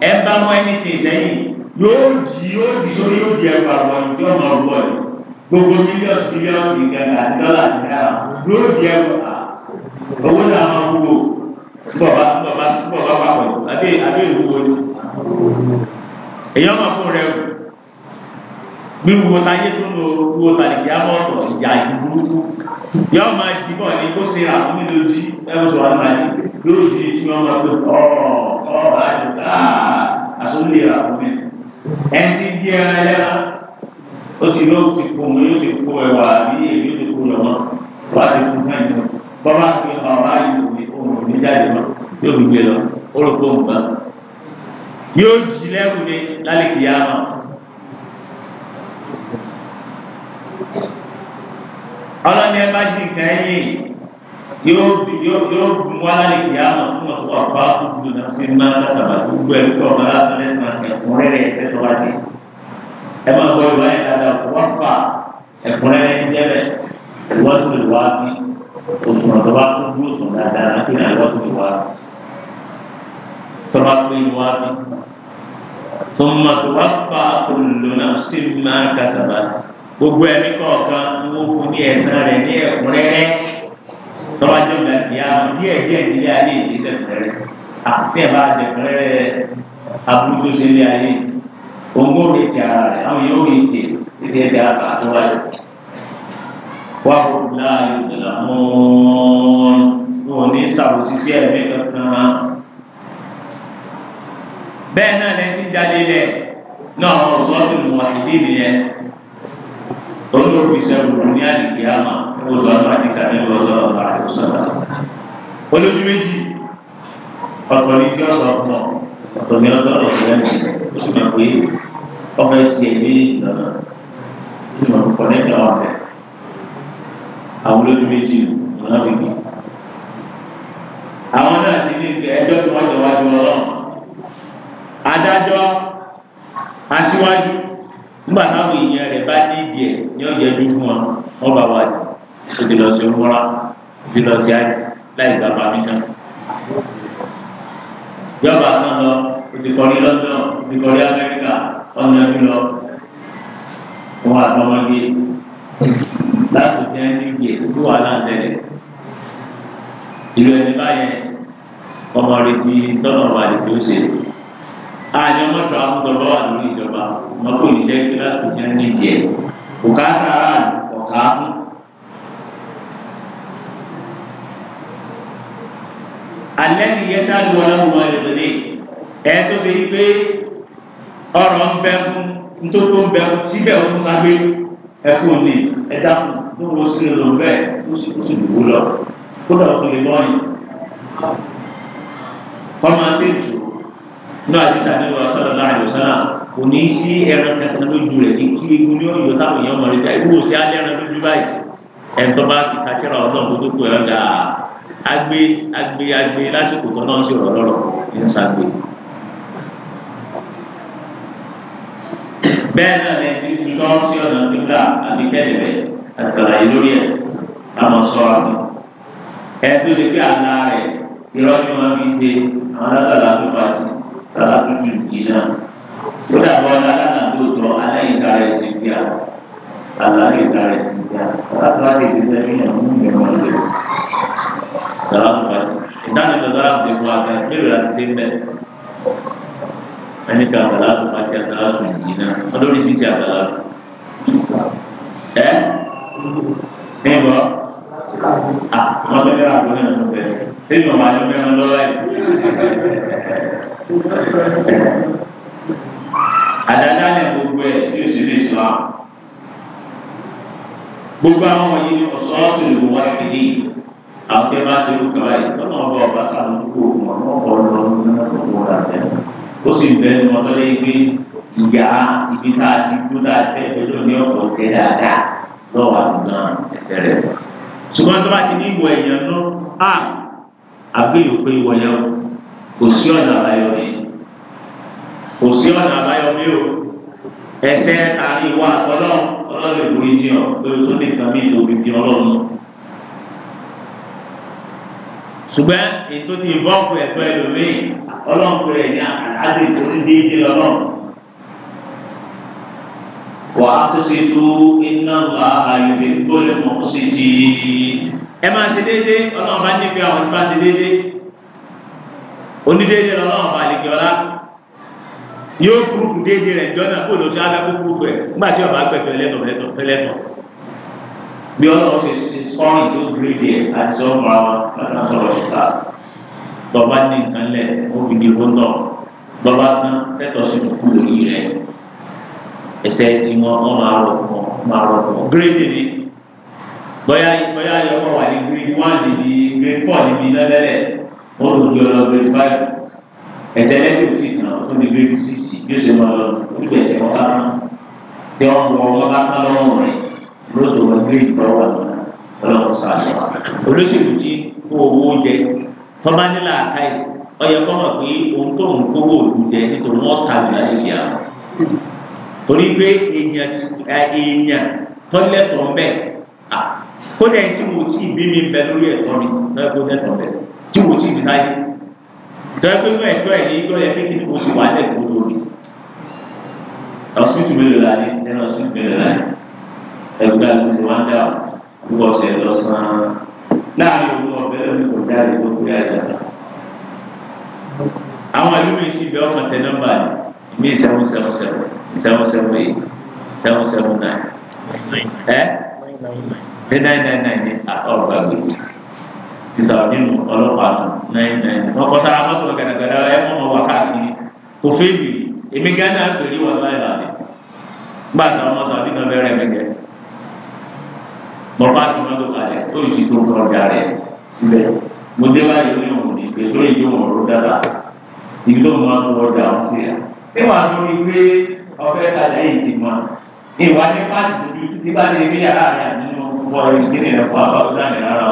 Ẹ bá wọn ẹni tì sẹ́yìn yóò jí yóò jí sórí yóò jẹ ẹgbàá wọn ìjọba ọgbọ́n yìí gbogbo mílíọ̀nù mílíọ̀nù ìgbàgbà dọ́là náírà lórí bí ẹ̀rọ à owó náà máa wúwo bọ̀bá bọ̀bá bọ̀bá papọ̀ àbí àbí ìwúwo ni. èèyàn máa fún rẹ o bí wúwo ta yé tó lo wúwo ta lè kí á mọ̀ ọ̀tọ̀ ìjà ìburúkú yóò máa jí bọ̀ ní kó ṣe àwọn nílò jí ẹ̀rọ tó wà ní àyè lórí ìdílé tí wọ́n máa pè ọ̀ ọ̀ àdùkà àtúndì àwọn ẹ̀ ẹ̀ ti di ẹran ó ti ló ti kó mu yóò ti kó ẹwà àbí èyí ti kó lọ́mọ wà á ti kó fún ẹ̀yìn bọ́lá fi ọ̀rá yìí ní òun ní jáde lọ yóò fi gbé lọ ó ló kó nǹkan yóò jí lẹ́rù ni lálẹ́ kìí àmọ́. ọlọ́ni ẹ bá jí nǹkan ẹ̀yìn yóò yóò mú alálẹ́ kìí àmọ́ fún ọ̀pọ̀ àpá àkókò náà fi máa ń dásábà gbogbo ẹ̀ kọ́ lásán lẹ́sàn-án ẹ̀kúnrẹ́rẹ́ ẹ̀sẹ̀ tó wá ẹ máa gbọ́ ìwà yẹn dáadáa kó wọ́n fà ẹ̀kúnrẹ́rẹ́ ń jẹ́bẹ̀ wọ́n sì wá sí òṣùwọ̀n tó bá tún bí òṣùwọ̀n dáadáa láti ní àwọn sì tó bá tún ìwà sí. ثم توفى كل نفس ما كسبت gbogbo ẹni kọ̀ọ̀kan ń wó fún ní ẹ̀sán rẹ̀ ní ẹ̀kúnrẹ́rẹ́ tọ́wájú gbàgbé àwọn díẹ̀ díẹ̀ nílé ayé ìdílé ẹ̀kúnrẹ́rẹ́ àti ẹ̀ bá jẹ̀kúnrẹ́rẹ́ abúlé òun ó retí ara rẹ̀ àwọn yóò retí títí ẹ̀jẹ̀ àgbà tó wáyé. wá òun láàyè òjòlá mọ́ọ́n wọn ní sàbòsí sí ẹ̀mí kankan. bẹ́ẹ̀ náà lẹ́yìn tí jáde lẹ̀ náà àwọn ọ̀ṣọ́ọ̀tì mọ̀ ìdí nìyẹn olóògbé sẹ́wọ̀n ní àdìgbé àmà olùwà máa ti ọmọ ẹsẹ̀ ní ìlànà ìmọ̀ kọ̀nẹ́tì àwọn àbẹ̀ àwọn olójú méjì lọ́nà bíbí. àwọn náà ti ní ìgbẹ́ ẹjọ́ tí wọ́n jọ wájú ọlọ́run adájọ́ aṣíwájú nígbà táwọn èèyàn rẹ̀ bá ní ìdí ẹ̀ ní ọ̀yẹ́ bí fún wọn wọ́n bá wà jù òdì lọ sí ọmọlá òdì lọ sí àjì láì gbà bá mi náà. ìjọba sọ lọ òdìkọ̀rí London òdìkọ̀rí Amẹ́ríkà ọ̀nà bí lọ wọn àtọmọdé láti jẹ́ níbi ètò wà láǹdẹ̀lẹ̀ ìlú ẹni báyẹn ọmọ rẹ̀ ti tọ́nà wà ní tó ṣe àjọ mọ́tò àkùtọ̀bọ̀ wà lórí ìjọba mọ́tò ìjẹ́ kí láti jẹ́ níbi ẹ̀ kò ká sára ọ̀ká fún. alẹ́ nìyẹn sáájú ọlọ́run wọn lè tẹ̀lé ẹ̀ tó ṣe yí pé ọ̀rọ̀ ń bẹ fún ntòkò ń bẹ fún síbẹ̀ ń sábẹ́ ẹ̀kú ni ẹ̀dá fún ló sì lò bẹ́ẹ̀ ó sì ó sì dùbò lọ kódà ó lè lọ́yìn kọ́má sí ìtù náà àti sàdéhùn asọ́dọ̀ náà àyọ̀ sáà kò ní í sí ẹran kankan lójú rẹ̀ kí kí egun ní ọ̀yọ́ táwọn èèyàn mọ̀ níta ìwúwo sí alẹ́ ẹran lójú báyìí ẹ̀ńtọ́ bá ti kàtẹ́rà ọlọ́run tó tó kó ẹran dáa agbe agbe agbe lásìkò tó náà ń ṣe ọ̀rọ̀ lọ́rọ̀ ń ṣàgbé. bẹ́ẹ̀ náà lè ti fi lọ sí ọ̀nà nígbà àbíkẹ́lẹ̀ rẹ̀ àtàlàyé lórí ẹ̀ àmọ́ sọ́ra mi. ẹ tó lè gbé àná rẹ̀ irọ́ ni wọ́n fi ṣe àwọn alásàlá tó bá sí sàlá tó ju yìí náà. ó dàbọ̀ aláàlá tó tọ̀ aláìsá rẹ̀ sí ti à aláìsá rẹ̀ sí ti à aláàlá rẹ̀ sí ti à nínú àwọn ìgbẹ́ wọn ṣe sàlá tó bá sí. ìdánilọ́dọ́ láti fún wa sẹ́yìn mélòó láti ẹni ká àgbàlá tó àti àgbàlá tó yìí náà ọlọ́rin sì ṣe àgbàlá ẹ ṣé ń bọ̀ àwọn ọlọ́rin àgbà náà ló bẹ̀ ṣé ìwọ̀n máa ló mẹ́rin lọ́wọ́ ẹ̀. àdáda ni gbogbo ẹ̀ tí o sì lè sọ à gbogbo àwọn wọ̀nyí ni ọ̀sọ́ tó lè wá ìdí àwọn tí a bá ṣe lókè báyìí tọ́nà ọba ọba sáà ló kó òun ọ̀nà ọ̀pọ̀ ọ̀nà ọ̀nà ọ̀pọ̀ ọ̀nà ọ̀nà ó sì bẹ́ẹ̀ ní ọjọ́ lé pé ìyá ibi tá a ti kú tá a tẹ́ ìgbẹ́jọ́ ní ọ̀pọ̀ tẹ́ dáadáa lọ́wọ́ àdúgbò ẹ̀fẹ́ rẹ̀. ṣùgbọ́n tó bá ti ní ìwọ ẹ̀yàn lọ a àgbéyò pé ìwọ o kò sí ọ̀nà àbáyọ mi kò sí ọ̀nà àbáyọ mi o ẹsẹ̀ àárín ìwọ àtọ́lọ́ ọlọ́run ìwúrí jìn ọ́ pé o tó nìkan mí ìlú òbí ọlọ́run ṣùgbọ́n ètò ti ìbọ́ọ̀kù ẹ̀tọ́ ẹlòmíì ọlọ́run pé ẹ̀ ní àdáde tó ti déédéé lọ́lọ́run. wà á kó sí tó iná wà àyùbí tó lè mọ̀ kó sí jì í. ẹ máa ṣe déédéé ọlọ́run bá nífẹ̀ẹ́ àwọn ìbá ṣe déédéé. onídéédéé lọ́lọ́run bá lè gbọ́lá yóò burúkú déédéé rẹ̀ jọ́nà kó lóṣù alákòókò rẹ̀ nígbà tí ọba gbẹ̀tọ̀ ẹlẹ́tọ̀ ẹlẹ́tọ̀ ẹlẹ́tọ̀ bí ọlọ́run ṣe sọ́run tó gírídì àti sọ́run àwọn ọ̀nà sọ̀rọ̀ ṣe sáà bàbá ní nǹkan lẹ̀ ó fi di owó tọ̀ bàbá kan tẹ́tọ̀ sí òkú òyì rẹ̀ ẹsẹ̀ tí wọ́n wọ́n máa rọ̀ fún ọ máa rọ̀ fún ọ. gírèdì ni bóyá bóyá yọkọ̀ wà ní gírèdì wán níbi gírèdì pọ̀ níbi lọ́lẹ́lẹ̀ wọ́n lò ní ọlọ́ gírèdì báyìí ẹsẹ̀ lẹ́sìn òsì kan ó ní gírèdì sísì bí ó ṣe máa lọ nígbà ẹ̀sẹ̀ wọn bá rán tí wọ́n wọ wọn bá kán lọ́rùn rẹ̀ lóòótọ́ wọn gírèdì bọ́ wà lọ́wọ́ sáà lọ́wọ́ olóṣèlú tí kó owó jẹ tọ́ba nílà àkáì ọyẹ kọ́mọ̀ pé ohun tó ń kówó òdu jẹ nítorí wọ́n ta lù láyé ìyá wọn. torí pé èèyàn tọ́lẹ̀tọ̀ ń bẹ̀ kódà tí mo tí ì bí mi bẹ lórí ẹ̀tọ́ mi lọ́yẹ̀ kó dẹ̀ tọ̀ bẹ̀ tí mo tí ì bí sáyé tọ́yẹ pé wọ́n ẹ̀tọ́ ẹ̀ ní ìjọ yẹ pé kí ni mo sì wà lẹ̀ kó tó rí ọsibítù mélòó la ní ẹnu ọsibítù láàrin òun ọ̀bẹ lórí kò dáre tó kúrẹ́ àṣà àwọn ìlú mi sì bẹ ọmọ tẹ nọ́mbà mi seven seven seven seven seven eight seven seven nine ẹ ṣe nine nine nine ní ọgbà gbèsè sísọ̀rọ̀ nínú ọlọ́pàá nine nine wọ́n kọ́ sára mọ́tò gàdàgàdà ẹ̀ mọ́ ọmọ wákàtí kò fébì èmi gánà pẹ̀lú wà láì láàrin gbàsá ọmọ sọ àbí kan bẹ́rẹ̀ mi gẹ̀ mọ̀ bá tó tọ́ ọjà rẹ̀ síbẹ̀ mo dé báyìí ní òun ní pé lórí ìjọba ọ̀rọ̀ dára ibi tó máa tọ́ ọjà ọ̀hún sí ẹ̀ ṣé wàá lórí pé ọbẹ̀ kalẹ̀ yìí ti mọ́ ìwà ní pàṣẹ ojú títí bá lè rí yàrá rẹ̀ nínú ọkọ̀ ìgbìnì rẹ̀ fún abáwọ̀dáni rárá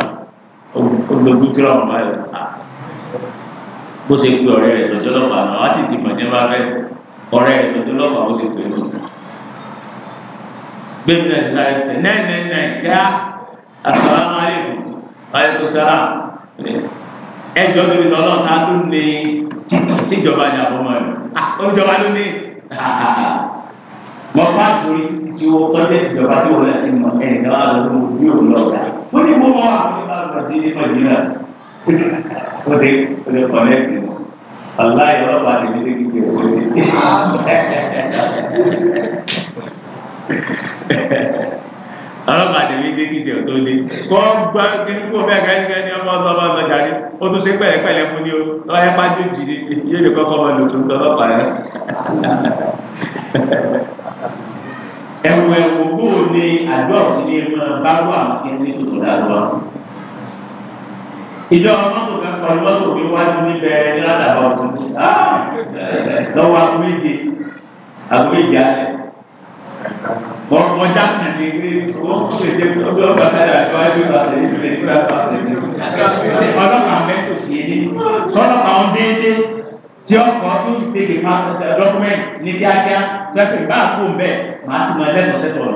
ológun kí ọ̀rọ̀ máa yọ̀ bó ṣe pé ọ̀rẹ́ rẹ̀ tọ́jú lọ́pàá náà wá sì ti mọ̀ ní bá rẹ̀ pé lọ́pàá gbẹ̀mí asalaamu aleykum aleykum salaam ẹjọ́ tóbi tọ́ náà ta tó lé títí síjọba ní àbọ̀mọ́ rẹ̀ olùjọba ló ní mọ bá torí tí o tọ́jú ìjọba tí o lè ti mọ ẹ̀ ní wàá lọ́dún bí o lọ rà ó ní mo mọ àwọn ìbá lọ sí ní ọlọ́pàá àti wíńdé kìdí ọ̀tọ́ lé kọ́ gbá kíkú bẹ́ẹ̀ kẹ́kẹ́ ní ọmọ ọlọ́pàá ọlọ́jà ní o tún ṣe pẹ̀lẹ́pẹ̀lẹ́ fún ní o lọ́yẹ́ bá jó jìde yóò lè kọ́kọ́ ọmọ lòtò ń tọ́lọ́pàá rẹ̀. ẹ̀wọ̀ ẹ̀wọ̀ bó o ní àjọ òtí ní máa bá wà tí ẹni tó tó dáa ìjọ mọ́tò kan kọ mọ́tò mi wájú níbẹ̀ ní ládàbọ̀ ọ̀tún ah! lọ́wọ́ àgọ́ Wọ́n já sí ní ilé wọ́n kó lè jẹ́ ọdún ọgbà táyà tó wáyé nípa àtẹ̀yìn ìfẹ́ nípa àtẹ̀yìn ìfẹ́. Ọlọ́pàá mẹ́tò sí ilé. Sọ́lọ́pàá ń déédéé tí ọkọ̀ tó ń ṣe lè máa tẹ̀sẹ̀ dọ́kúmẹ́ntì ní kíákíá lẹ́sẹ̀ bá a kó bẹ́ẹ̀ màá sì máa lẹ́tọ̀ọ́ sẹ́tọ̀ lọ.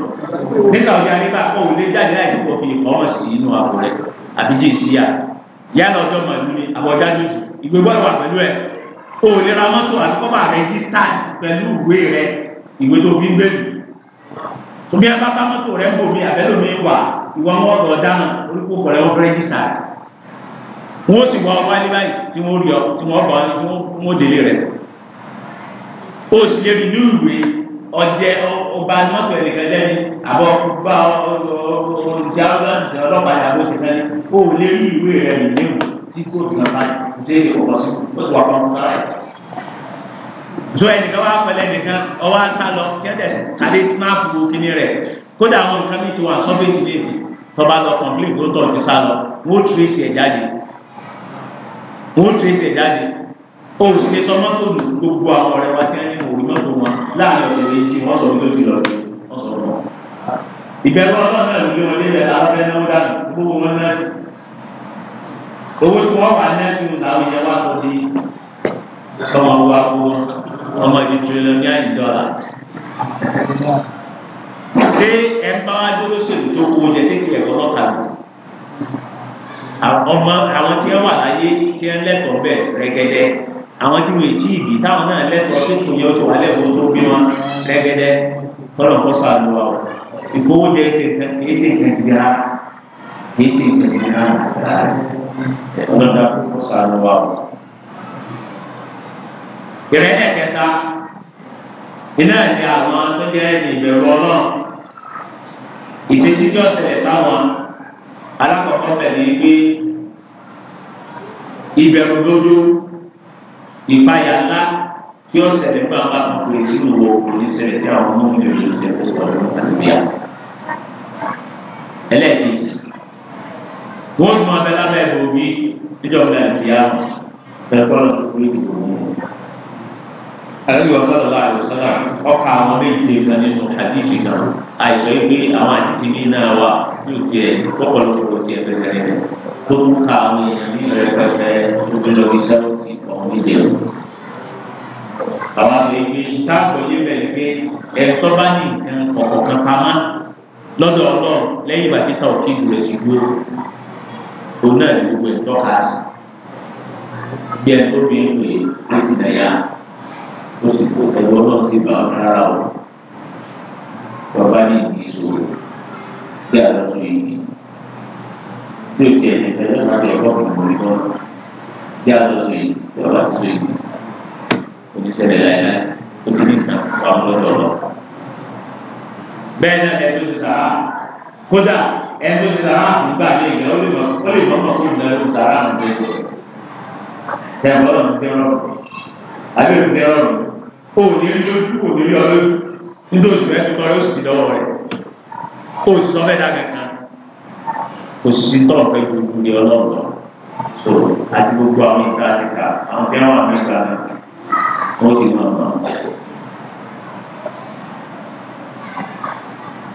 Nígbà òde àríwá kọ́ òun lé jáde láì sí òfin ìfọwọ́ sí inú àpò rẹ̀ àbí jẹ́ ìsíyà. Yálà ọjọ́ màlúù ni àbọ̀já lójú ìwé gbọ́dọ̀ pẹ̀lú ẹ̀. O lè ra mọ́tò àti kọ́bà rẹ̀ jí sáà pẹ̀lú ìwé rẹ̀ ìwé tó fi tóbi ẹgbẹ́ bá mọ́tò rẹ̀ bò mí àbẹ́lómi wà ìwọ ọmọ ọ̀dọ̀ dáná orúkọ ọkọ̀ rẹ̀ wọ́n rẹ́jísítà wọ́n sì wọ ọmọ alẹ́ báyìí tí wọ́n rí ọ tí wọ́n bọ̀ ọ́ tí wọ́n délé rẹ̀ ó sì lè fi ní ìwé ọjẹ́ ọba mọ́tò ẹ̀nìkan lẹ́ni àbọ̀ ọba ọjà ọlọ́sìn ọlọ́pàá ìyàwó ti fẹ́ ó lé ní ìwé rẹ̀ nìyẹn tí kò dùn tó ẹnìkan wá pẹ̀lẹ́ nìkan ọwọ́ asálọ tí wọ́n tẹ̀ sáré snap wo kíní rẹ̀ kódà àwọn nǹkan mi ti wà sọ́fẹ̀sì léèsì tọ́ba lọ kọ̀ǹpìlì tó tọ̀ ti sálọ wọ́n ó tírèsì ẹ̀ jáde wọ́n ó tírèsì ẹ̀ jáde o sì lè sọ mọ́tò nù gbogbo àwọn ọ̀rẹ́ wa tí wọ́n ní òwúrọ̀ mọ́tò wọn láàrin ọ̀sẹ̀ méjì wọ́n sọ wípé ó ti lọ rí wọ́n sọ wọn. ìgbẹ́kọ̀ ọlọ́run náà ló lé wọn délẹ̀ lábẹ́ náà dànù gbogbo wọn náà owó tí wọ́n wà náà làwọn ìyẹn wá sọ sí ọmọ wa kú wọn ọmọ ìdí tírílíọ̀nù dọ́là. ṣé ẹ bá wá dúró sèlú tó kó oúnjẹ sí ti ẹ̀kọ́ lọ́ta lọ? ọmọ àwọn tí wọ́n wà láyé tí wọ́n lẹ́tọ̀ọ́ bẹ́ẹ̀ rẹ́gẹ́dẹ́ àwọn tí wọ́n èjì ìbí táwọn náà lẹ́tọ̀ọ́ tó kò yọ tó wà lẹ́kọ̀ọ́ tó bí wọn rẹ́gẹ́dẹ́ kọ́lọ̀ kọ́ sàlù wa ìkówójẹ ẹsẹ̀ ìkẹ̀kẹ̀ ẹsẹ̀ ìkẹ̀kẹ̀ ọlọ́dà kọ́ sàlù wa ìrẹ́lẹ̀ kẹta iná ti àwọn tó jẹ́ ìbẹ̀rù ọlọ́run ìṣesí tí ó ṣẹlẹ̀ sáwọn alákọ̀ọ́kọ́ tẹ̀lé pé ìbẹ̀rù lójú ìpayà ńlá tí ó ṣẹlẹ̀ pé àwọn àkókò ìṣirò wo kò ní ṣẹlẹ̀ sí àwọn ọmọ ìbẹ̀rù lójú ẹ̀kọ́ sọ̀rọ̀ àti bíyà ẹlẹ́ẹ̀kejì wọ́n mú abẹ́lábẹ́ ìbòmí níjọba ìbíyà ẹ̀kọ́ lọ́dún fún ìdìbò yìí àlejò ọ̀sán lọ́wọ́ àlùsọ́nà ọkà àwọn méje kan nínú àdìsí náà àìsàn yìí pé àwọn àdìsí mi náà wà yóò tiẹ̀ lọ́pọ̀lọpọ̀ tiẹ̀ bẹ̀rẹ̀ rẹ̀ tó ń ka àwọn èèyàn ní ìrẹ́pẹ̀tẹ̀ obìnrin ọ̀gbìn sẹ́wọ́tì ọ̀hún ìdè o. àwọn àgbẹ̀ ìgbé ìtàkùn yìí bẹ̀rẹ̀ pé ẹ̀tọ́ bá ní nǹkan ọ̀kọ̀ọ̀kan pamá lọ́dọ̀ ọlọ́run lẹ́yìn ìgbà títà òkè rẹ̀ ti dúró òun náà ní gbogbo ẹ̀tọ́ ó sì kó ẹ̀rọ náà sí bàá rárá o bàbá ní ìṣòro tí a lọ sí yìí tí o tiẹ̀ ní fẹ́ẹ́ náà lè kọ́ ọ̀pọ̀ ìbọn tí a lọ sí yìí tí a bá sí yìí oníṣẹ́lẹ̀ láìláì ó ti ní ìtàn àwọn ọlọ́dọ̀ lọ. bẹ́ẹ̀ náà ẹni tó sàrà kódà ẹni tó sàrà nígbà tí ìgbà ó lè mọ̀ ó lè mọ̀ mọ̀ kó ìgbà tó sàrà àwọn ọ̀dọ́ ẹ̀ tẹ̀ ń àbí òfin tí ó o ò ní lójú kò ní lọ lójú nígbà oṣù rẹ tuntun yóò sì lọ́wọ́ rẹ kó o sì lọ bẹ́ẹ̀ dàgbà kan kò sí tọ́ ọ̀fẹ́ gbogbo ní ọlọ́ọ̀lọ́ so àti gbogbo àwọn ìta àti ìta àwọn tí wọ́n wà nígbà náà wọ́n ti mọ̀ ọ́n.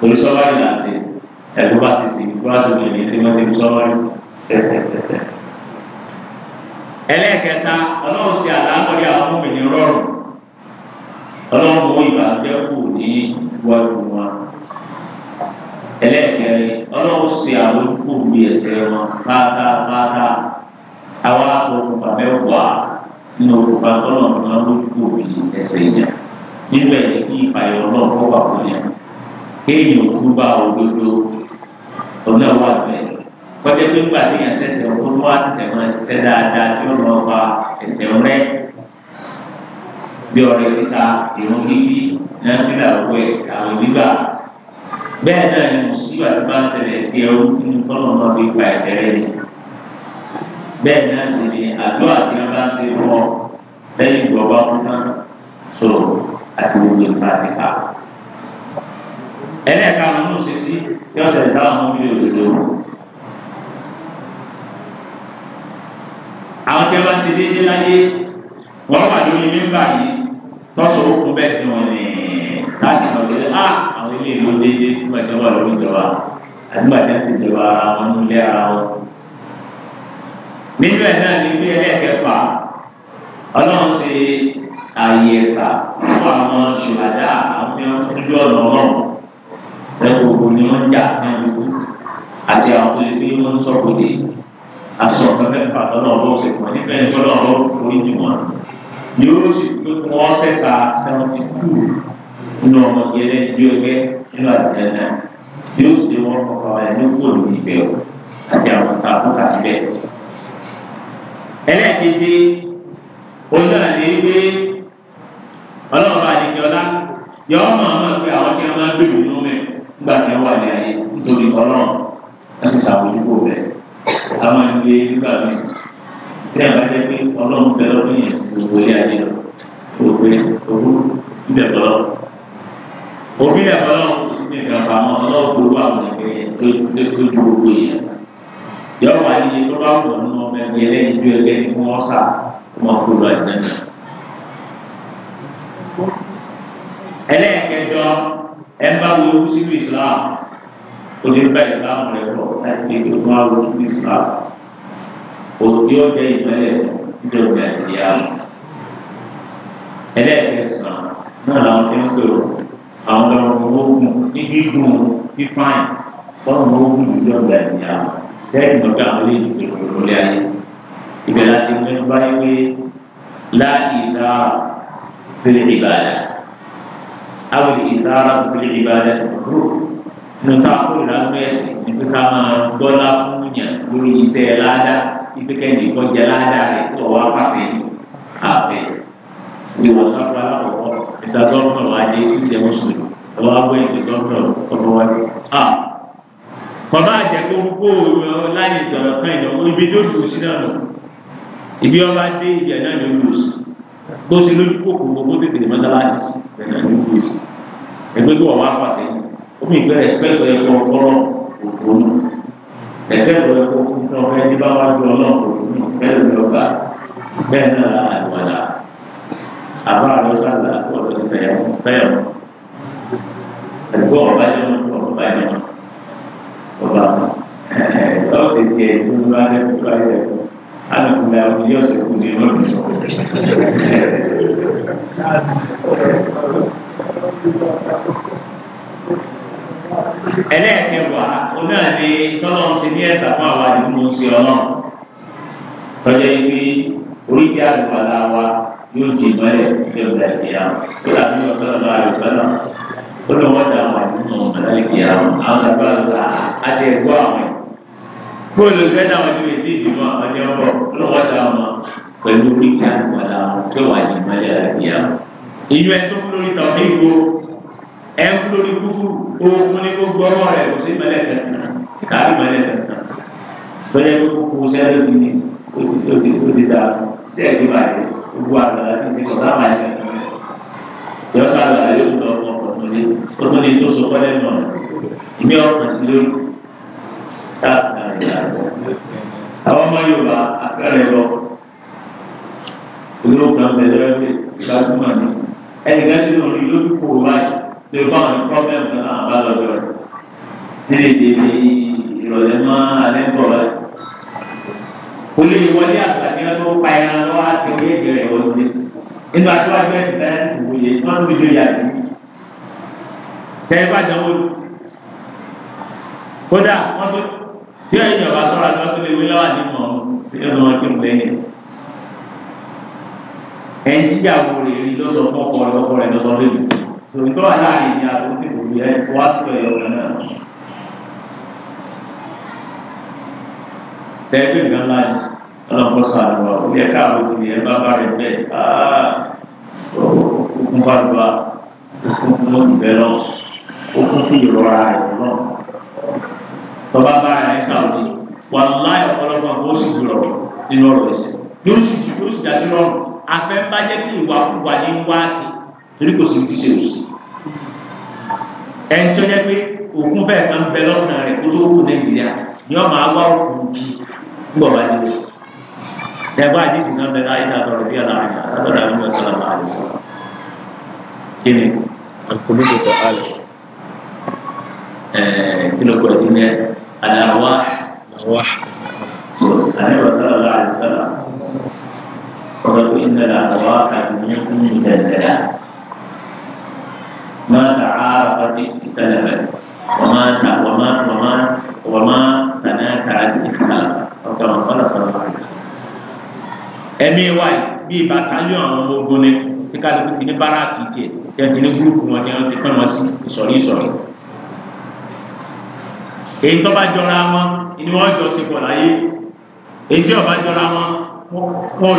olùsọ́wá yìí láti ẹ̀gbọ́n bá ti ti gbọ́ àtúntò ní tí wọ́n ti mú sọ́wọ́ yìí tẹ́tẹ́tẹ́tẹ́. ẹlẹ́ẹ̀kẹta ọlọ́run ṣe àlàáfọ̀ yà fún mi ní rọrùn. ọlọ́run mú ìgbà dẹ́kù ní wájú wọn ẹlẹ́kẹ̀rin ọlọ́run ṣe àwọn olùkọ́ bí ẹsẹ̀ wọn pátápátá àwọn akọ̀ọ̀kọ̀ mẹ́wàá nínú olùkọ́ akọ́nà ọ̀nà olùkọ́ bí ẹsẹ̀ yẹn níbẹ̀ kí ìpàyọ̀ náà kọ́ wà fún yẹn kéèyàn òkú bá òdodo ọ̀nà wà bẹ́ẹ̀ kọ́jọ́ pé gbàdéyàn ṣẹ̀ṣẹ̀ ọkọ̀ tó wá ṣẹ̀ṣẹ̀ wọn ṣiṣẹ́ dáadáa tí ó lọ́ọ́ fa ẹ̀ṣẹ̀ rẹ̀ bí ọ̀rẹ́ títa ìrún kíkí nàìjíríà wọ ẹ àwọn gbígbà bẹ́ẹ̀ náà ni mùsùlùmí àti bá ń ṣẹlẹ̀ sí ẹrú nínú tọnà náà fi gba ẹsẹ̀ rẹ̀ ni bẹ́ẹ̀ náà sì ni àdó àti ọba ń ṣe fún ọ lẹ́yìn ìgbọba fún náà sọ̀rọ̀ àti gbogbo ìgbà àti ká ẹlẹ́ẹ̀ka àwọn ọmọ òṣèṣì tí wọ́n ṣẹlẹ̀ sáwọn ọmọ mi òdodo. àwọn tí a bá ti dé dé láyé wọ́n wà lórí mẹ́mbà yìí tọ́sọ̀ ó kún bẹ́ẹ̀ tí wọ́n ní láti lọ sí á ah, àwọn ilé ìlú déédé tí wọ́n wà lórí ìjọba àdúgbà tí wọ́n sì àwọn nílé ara wọn. nínú náà ní ilé ẹlẹ́ẹ̀kẹfà ọlọ́run ṣe ààyè ẹ̀sà fún àwọn ṣùgbọ́dá àwọn tí wọ́n tún lójú ọ̀nà ọlọ́run lẹ́kọ̀ọ́ gbogbo ni wọ́n ń jà tí wọ́n àti àwọn tó lè gbé wọn sọ́kòdì àṣọ ọ̀gá mẹ́fà tọ́lọ́ ọlọ́run ṣe ni ó sì pé kí wọ́n sẹ̀sà seventy two nínú ọmọ gẹ́lẹ́ ní ọgbẹ́ nínú àtijọ́ náà ni ó sì lé wọn kọ́kọ́ rẹ̀ ní kóòlù níbẹ̀ o àti àwọn tá a kó kà síbẹ̀. ẹlẹ́ẹ̀kejì onídàá lè gbé ọlọ́run àdìgbọ́lá yọ ọmọ ọmọ pé àwọn tí wọn máa gbèrò nínú mẹ nígbà tí wọn wà ní ayé nítorí ọlọ́run láti ṣàbójúkò rẹ̀ tí a bá jẹ́ pé ọlọ́run bẹ lọ́dún yẹn gbogbo ilé ayé lọ gbogbo owó ibẹ̀ bọ́lọ́ òbí rẹ̀ bọ́lọ́ ní ìgbàgbọ́ àwọn ọlọ́run gbogbo àwọn ẹgbẹ́ tó ju gbogbo yẹn yọ wà ní tó bá wọ̀ nínú ọmọ ẹgbẹ́ ẹlẹ́yin ju ẹgbẹ́ ní fún ọ́sà ọmọ kúrò ẹ̀dẹ́ náà. ẹlẹ́ẹ̀kẹjọ ẹ bá wo ewu sínú ìsìlámù òbí ọjọ́ ìmọ́lẹ̀ níbi ọgbà ìdíyà ẹlẹ́ẹ̀kẹsàn náà làwọn ti ń pèrò àwọn ọmọ ogun ní gígùn fífáìn fọlọmọ ogun níbi ọgbà ìdíyà bẹ́ẹ̀ ni ọgbà àwọn ilé ìpèrò lórí ayé ibẹ̀ láti mẹ́nu báyìí pé láti ìta fèrè ìbàdàn àwọn ìtara fèrè ìbàdàn kúrò nínú táwọn ẹ̀sìn nípa ká máa gbọ́lá fún yàn lórí iṣẹ́ ládàá kíkẹ́ ní kọjá ládàá rẹ̀ tó wá pàṣẹ àbẹ̀ ní wọ́n sáfù alákọ̀ọ́kọ́ ìta gọ́ọ̀nà wa dé ìjẹ́ mùsùlùmí ọwọ́ agbó ìpè gọ́ọ̀nà ọ̀rọ̀ wa dé. bàbá àjẹ tó ń kó láyé ìdọ̀rọ̀ kan ìdọ̀ ibi tó dùn sí náà lọ ibi ọba dé ibi àná ni ó lù sí tó ṣe lójú kòkò gbogbo tètè mọ́sálásí sí ẹ̀nà ní ó lù sí ẹgbẹ́ tó wà ní ọ̀fẹ́ ẹni bá wá ju ọlọ́run bẹ́ẹ̀ ló lọ bá bẹ́ẹ̀ náà àìwọ̀là àbá àlọ́ sàlà ọ̀dọ̀ ti tẹ̀yẹ̀ fẹ́ẹ̀ mọ́ ẹ̀gbọ́n ọ̀bá yẹn mọ́ ọ̀bá yẹn mọ́ ọ̀bá mọ́ ọ̀sẹ̀ tiẹ̀ ìlú wa ṣe kú wáyé rẹ̀ alùpùpù àwọn ilé ọ̀sẹ̀ kù ní ọ̀rọ̀ mi. ẹlẹ́ẹ̀kẹwàá onáà ni tọ́lọ́ ń ṣe ní ẹ̀sà fún àwa ìdúró sí ọlọ́run tọ́jà ibi oríṣi àdùbàlà wa yóò di ìmọ̀lẹ̀ ìjọba ìyá kódà bí wọ́n sọ̀rọ̀ lọ́wọ́ àdùbà náà ó lọ́ wọ́n dà wọ́n àdúgbò mọ̀lẹ́kì ìyá àwọn sábà lọ́wọ́ àti ẹ̀gbọ́ àwọn bóòlù fẹ́ náà wọ́n ti lè dín ìdìbò àwọn ọjọ́ bọ̀ lọ́wọ́ dà wọ́n pẹ̀lú oríṣi àdùbàlà wọn tó wà ní ìmọ̀lẹ̀ ìyá ìyú ẹ̀ tó kú lórí tọ̀ ẹ̀kú lórí kúkúrú ogun ní gbogbo ọmọ rẹ̀ kò sí mẹ́lẹ̀ kankan káàdì mẹ́lẹ̀ kankan bẹ́ẹ̀ ló kúkú sẹ́lẹ̀ ti ní òdì dáa sí ẹ̀jú báyìí gbogbo àgbàlá ti ti kọ̀ sáàmà ẹ̀ yọ sáàlà yóò lọ ọkọ̀ ọ̀tọ̀lé ọ̀tọ̀lé tó so kọ́lẹ̀ náà ìmí ọkọ̀ sí lórí àwọn ọmọ Yorùbá akẹ́rẹ̀ lọ olóògbé ọ̀bẹ lọ́wọ́ ẹgbẹ́ ìgbàgbọ́n ẹnìkan sí lórí lórí kúrò báyìí lè bá wọn ní pọ́blẹ́mù kan náà bá lọ́dọ̀ rẹ̀ nílé ìdè ní ìrọ̀lẹ́ mọ́ alẹ́ ń bọ̀ rẹ̀. olè ìwọlé àgbàdì ọdún pa ẹran lọ́wọ́ àtẹ̀wé ẹ̀jẹ̀ rẹ̀ wọ́n ti inú aṣáájú ẹ̀sìn táyà sì kò wòye wọ́n ń bíjọ yà ní. tẹ́lẹ̀ bá jẹun olù kódà wọ́n tó tí ẹ̀yìn ọ̀bá sọ́ra ni wọ́n tó lè wí lọ́wọ́ àdìmọ̀ ẹ̀rọ wọn kí n lẹ́yìn ẹnjíyàwó rẹ̀ rí lọ́sọ̀ fọ́kọ̀ rẹ̀ lọ́kọ̀ rẹ̀ lọ́sọ̀ tòótọ́ aláàrin ni àtúntò ti kò yẹ kó wá sí ọ̀yọ́ kan náà. tẹ́gbẹ́ nǹkan láì ọlọ́pọ̀ sàlùwà ó yẹ káàbọ̀ tó yẹ bá bá rẹ̀ bẹ́ẹ̀ okun bá lu wa okun fún olùbẹ́ lọ okun fún ìrora rẹ̀ lọ. tọ́ba bá rẹ̀ ní sàlùwà wà láì ọ̀pọ̀lọpọ̀ ó sì gbúrọ̀ nínú ọ̀rọ̀ ẹ̀sìn yóò ẹni tó jẹ́ pé òkú bẹ́ẹ̀ kan bẹ lọ́nà rẹ̀ kó tó kù nàìjíríà ni wọ́n máa wá òkú bí gbọ̀ bá dé ẹgbẹ́ àdìsí náà bẹ̀rẹ̀ ayé náà sọ̀rọ̀ bí ọ̀la àyà lọ́dọ̀ àwọn ọ̀sán làbà àyè kí ni alukólógbò tó àlè kí ló gbọ́dọ̀ tún yẹ aláwa aláwa àlẹ́ ọ̀sán làbà sọ̀rọ̀ ọ̀rọ̀ tó ń dẹ̀rẹ̀ àlọ́wà àti ìyẹn kún ìdẹ̀rẹ̀ ما تعارفت اختلفت وما وما وما وما تنازعت اختلفت أو كما قال صلى الله عليه وسلم ẹ̀mí wa yìí bíi bàtàlíọ̀n àwọn ọmọ ogun ni tí kálukú ti ní báràkì tiẹ̀ tí a ti ní gúrùpù wọn ni wọ́n ti pẹ́ wọn sí ìsọ̀rí ìsọ̀rí. èyí tó bá jọra wọn ni wọ́n jọ ṣe pọ̀ láyé èyí tí ọba jọra wọn wọ́n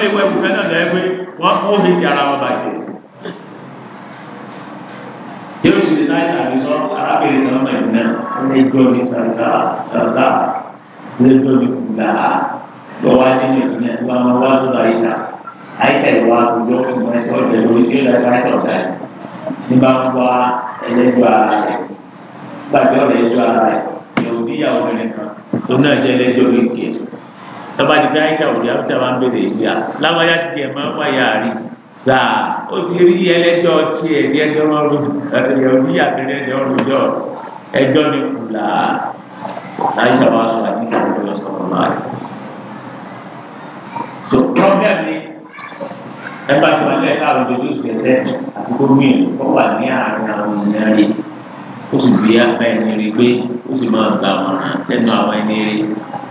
lè wọ ẹ̀kú fẹ́ náà lọ́yẹ́ pé wọ́n kó fi ti ara wọn bàjẹ́. láì tàbí sọ arábìnrin kan mọ̀ iná ọmọ ìjọ ní tàǹtà tàǹtà lẹ́jọ́ ní kùlà lọ́wọ́ adé ní ìdílé wọn máa wá sọ́dọ̀ àyíṣà àyíṣà ìwà àwùjọ ìmọ̀ ẹ̀kọ́ ìjẹ̀lú ìṣe ìlànà àyíṣà ọ̀tá ẹ̀ ní bá ń wá ẹlẹ́jọ́ ara rẹ̀ gbàgbé ọ̀rẹ́ ẹjọ́ ara rẹ̀ ní òbíyàwó rẹ̀ kan tó náà jẹ́ ẹlẹ́jọ́ ní tiẹ̀ tọ́ba ti fi àyíṣà òbí àbúta máa ń bèrè ìgbéyà láwáyá ti tiẹ̀ máa ń wáyà rí i gbà ó ti rí ẹlẹ́jọ́ tí ẹ̀dí ẹjọ́ ọrùn ẹ̀dí àtẹ̀lẹ́ ẹjọ́ ọrùn jọ ẹjọ́ ní kùlà láìsà wà sọ àdìsà tó lọ sọ ọmọ rẹ. tó problem ni ẹ bá tó ẹlẹ́ ká lóde tó sùn ẹsẹ̀ sí àkókò míì kọ́ wà ní àárín àwọn ènìyàn rẹ̀ ó sì bí afẹ́ ẹni rí pé ó sì máa gbà wọn tẹnu àwọn ẹni rí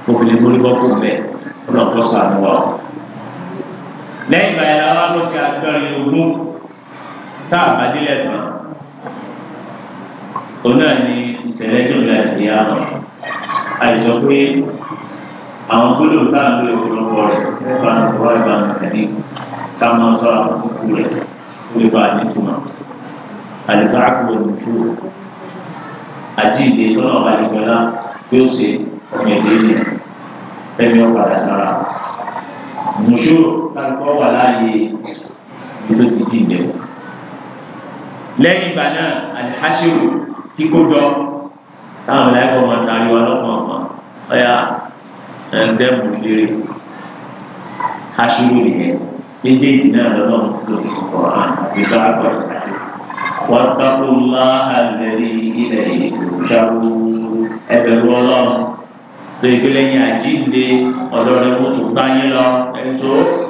kó fi lè mórí bọ́ kó bẹ́ẹ̀ ó lọ kọ́ sàánú wa ọ̀ lẹ́yìn ìgbà yẹn làwọn ló ṣe àjọyìn ogún tá a bá délẹ̀ tán òun náà ni ìṣẹ̀lẹ̀ tó ń lẹ̀ ní àwọn àìsàn pé àwọn gbólóhùn tá à ń lò ìpolówó rẹ̀ nípa ìwà ìbá ẹ̀mí ká máa sọ àwọn kúkú rẹ̀ ó lè bá a ní túmọ̀ àdìgbà àkùrọ̀ nìkú àjíǹde tọ́lọ̀ ọba ìgbọ́lá tí ó ṣe ọmọ ìdílé ẹ̀mí ọ̀padà sára mùsùlùmí kálukọ́ wà láàyè ìlú ti di ìdẹ̀. lẹ́yìn ìgbà náà alihashiru kíkó dọ́ táwọn ọ̀làyẹ̀kọ́ máa tari wa lọ́kàn ọ̀kan ọ̀yà ẹ̀ńdẹ́mù lérè hashiru nìyẹn méjèèjì náà lọ́nà lórí ọ̀rọ̀ àgbà àgbà wọ́n tọ́kù láhà lẹ́rí ilẹ̀ ìgbòkúṣàwó ẹgbẹ̀rún ọlọ́run tó ìgbélé yẹn àjíǹde ọ̀dọ́ rẹ̀ gbáyé lọ ẹ̀